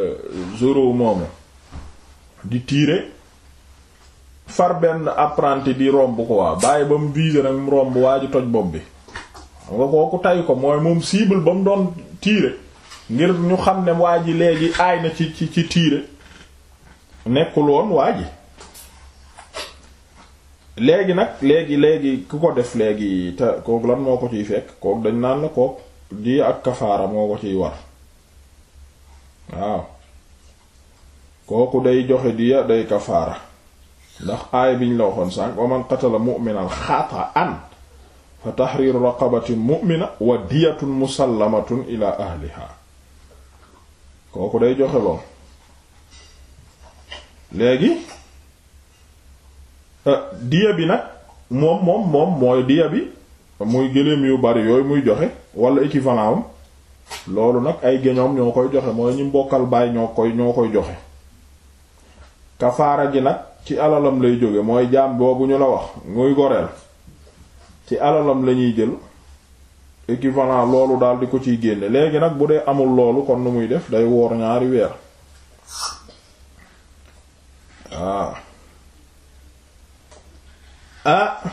zoro moomu di tiire far benn apprenti di romb ko waa bàyyi ba mu viser nag mu romb waa toj bopp bi xam nga kooku tay ko mooy moom cible ba mu doon tiire ngir ñu xam ne waa ji léegi aay na ci ci ci tiire nekkul woon waa ji léegi nag léegi léegi ku ko def léegi te kook lan moo ko ciy fekk kooku dañ naan la kooku di ak kafaara moo ko ciy war waaw kooku day joxe diya day kafaara ndax aay biñ la waxoon sànq wa man qatala mu'minan xata'an fa tahriiru raqabatin mu'mina wa diyatun musallamatun ila ahliha kooku day joxe lool léegi eh, diya bi nag moom moom moom mooy yu bari yooyu muy joxe wala équivalent am loolu nag ay géñoom ñoo koy joxe mooy ñi mbokkal baay ñoo koy ñoo koy joxe kafaara gi nag ci alalam lay jóge mooy jaam boobu ñu la wax muy goreel ci alalam lañuy ñuy jël équivalent loolu daal di ko ciy génne léegi nag bu dee amul loolu kon nu muy def day woor ñaari weer waaw ah. ah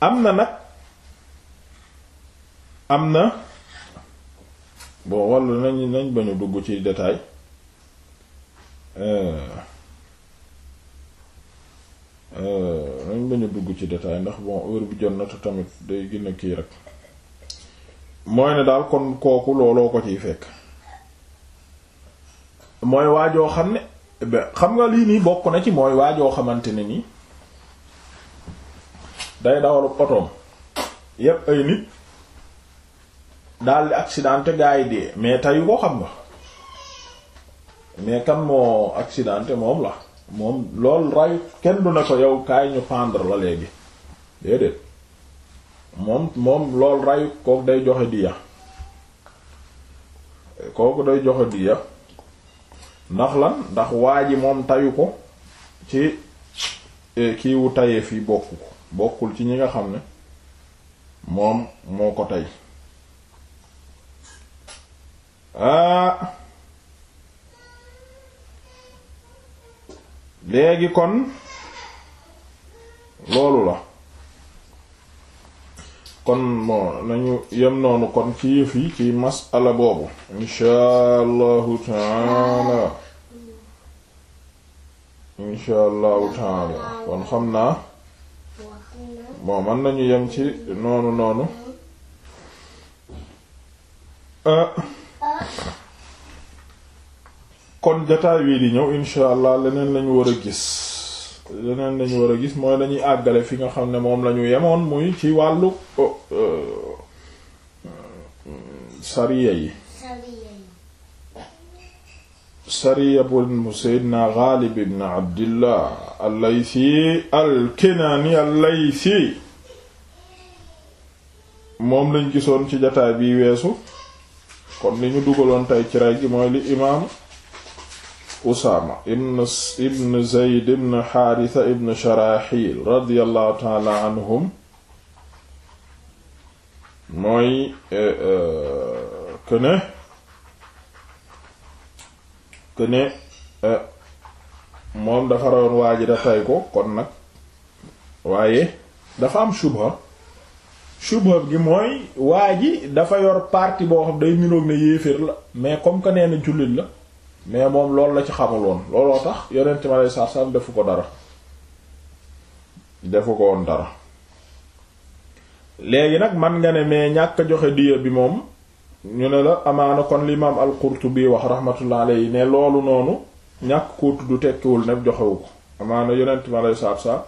am na nag am na bon walla nañ nañ bañu dugg ci détail eh. Euh, nañ bañ a dugg ci détail ndax bon heure bu jot na te tamit day gën kii rek mooy ne daal kon kooku looloo ko ciy fekk mooy waajoo xam ne xam nga lii nii bokk na ci mooy waajoo xamante ne nii day dawalu otoom yépp ay nit daal di accidenté gaa yi dee mais teyu ko xam nga mais kan moo accidenté moom la moom lool ray kenn du ne ko yow kaay ñu pendre la léegi déedéet moom moom lool rayu kooku day joxe diya kooku day joxe diya ndax la ndax waa ji moom tayu ko ci eh, kiiwu tayee fi bokk bokkul ci ñi nga xam ne moom moo ko tey ah! léegi kon loolu la kon moo nañu yem noonu kon ci yëf yi ci masala boobu inshaa allahu taala inshaa allahu taala kon xam naa bon mën nañu yem ci noonu noonu euh. kon jotaay bii di ñëw insha allah leneen lañu war a gis leneen lañu war a gis mooy lañuy àggale fi nga xam ne moom lañu yemoon muy ci wàllu oh, euh, sariya yi sariya bu seydna Ghalib ibn Abdillah al al-Kinaani al moom lañ gisoon ci jotaay bi weesu kon li ñu dugaloon tey ci ray mooy li imaam Usaama ibn ibn Zayd ibn Haarisa ibn Sharaxil radiyallahu taala anhum mooy eh, eh, këne këne eh, moom dafa rawoon waa ji dafay ko kon nag waaye dafa am shubha shubha gi mooy waa ji dafa yor parti boo xam day niroog ne yéeféer la mais comme que nee na jullit la mais moom loolu la ci xamuloon looloo tax yonent ma lay sarsam defu ko dara defu ko woon dara léegi nag man nga ne mais ñàkk joxe diya bi moom ñu ne la amaana kon limaam al-Qurtubi wax rahmatullah yi ne loolu noonu ñàkk koo du tekkiwul ne joxewu ko amaana yonent ma lay sarsam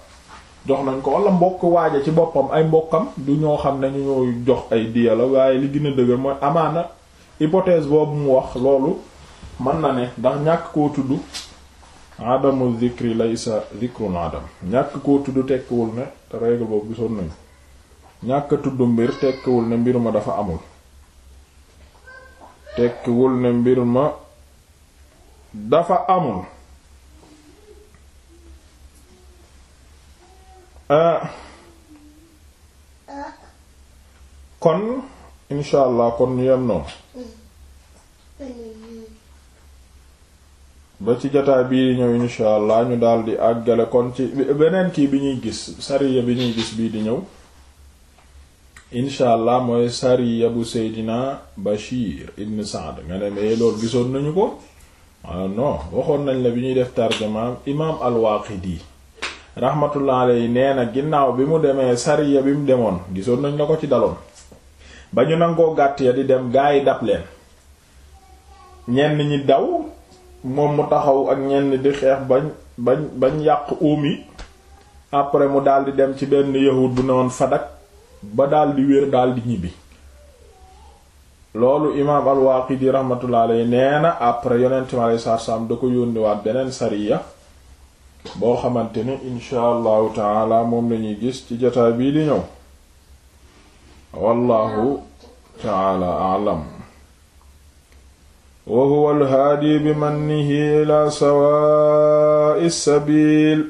jox nañ ko wala mbokk waaja ci boppam ay mbokkam du ñoo xam ne ñu jox ay diya la waaye li gën a dëgër mooy amaana hypothèse boobu mu wax loolu mën na ne ndax ñàkk koo tudd adamu zikri laysa zikrun adam ñàkk koo tudd tekkiwul ne te règle boobu gisoon nañu ñàkk tudd mbir tekkiwul ne mbir ma dafa amul tekkiwul ne mbir ma dafa amul euh, kon incha kon ñu yem ba ci jotaay bii ñëw insha ñu daldi di àggale kon ci beneen kii bi ñuy gis sariya bi ñuy gis bii di ñëw incha mooy sariya bu seydina Bachir ibn Saad nga ne mais loolu gisoon nañu ko ah non waxoon nañ la bi ñuy def tarjamaam imaam al-Waaqidi rahmatullah yi nee na ginnaaw bi mu demee sariya bi mu demoon gisoon nañ la ko ci daloon ba ñu nangoo gàtt ya di dem gaa yi dab leen ñenn ñi daw. moom mu taxaw ak ñenn di xeex bañ bañ bañ yàq óom yi après mu daldi dem ci benn yahud bu newoon Fadak ba daldi wér daldi ñibbi loolu imaam al-Waaqidi rahmatullah alayhi nee na après yonent mi alayhi salaatu da ko yónniwaat beneen sariya boo xamante ni insha allahu taala moom lañuy gis ci jotaay bii di ñëw wallahu taala alam wa huwa alhaadi bi mannihi ila sawaa'i sabiil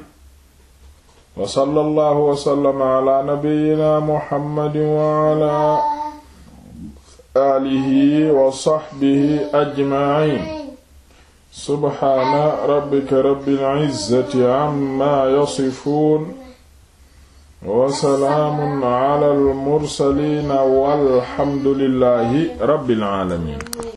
wa sallallahu wa sallama ala nabiyyina muhammadin wa ala aalihi wa sahbihi ajma'iin subhaana rabbika rabbil izzati amma yasifuun wa salaamun ala al mursaliin walhamdulillahi rabbil aalamiin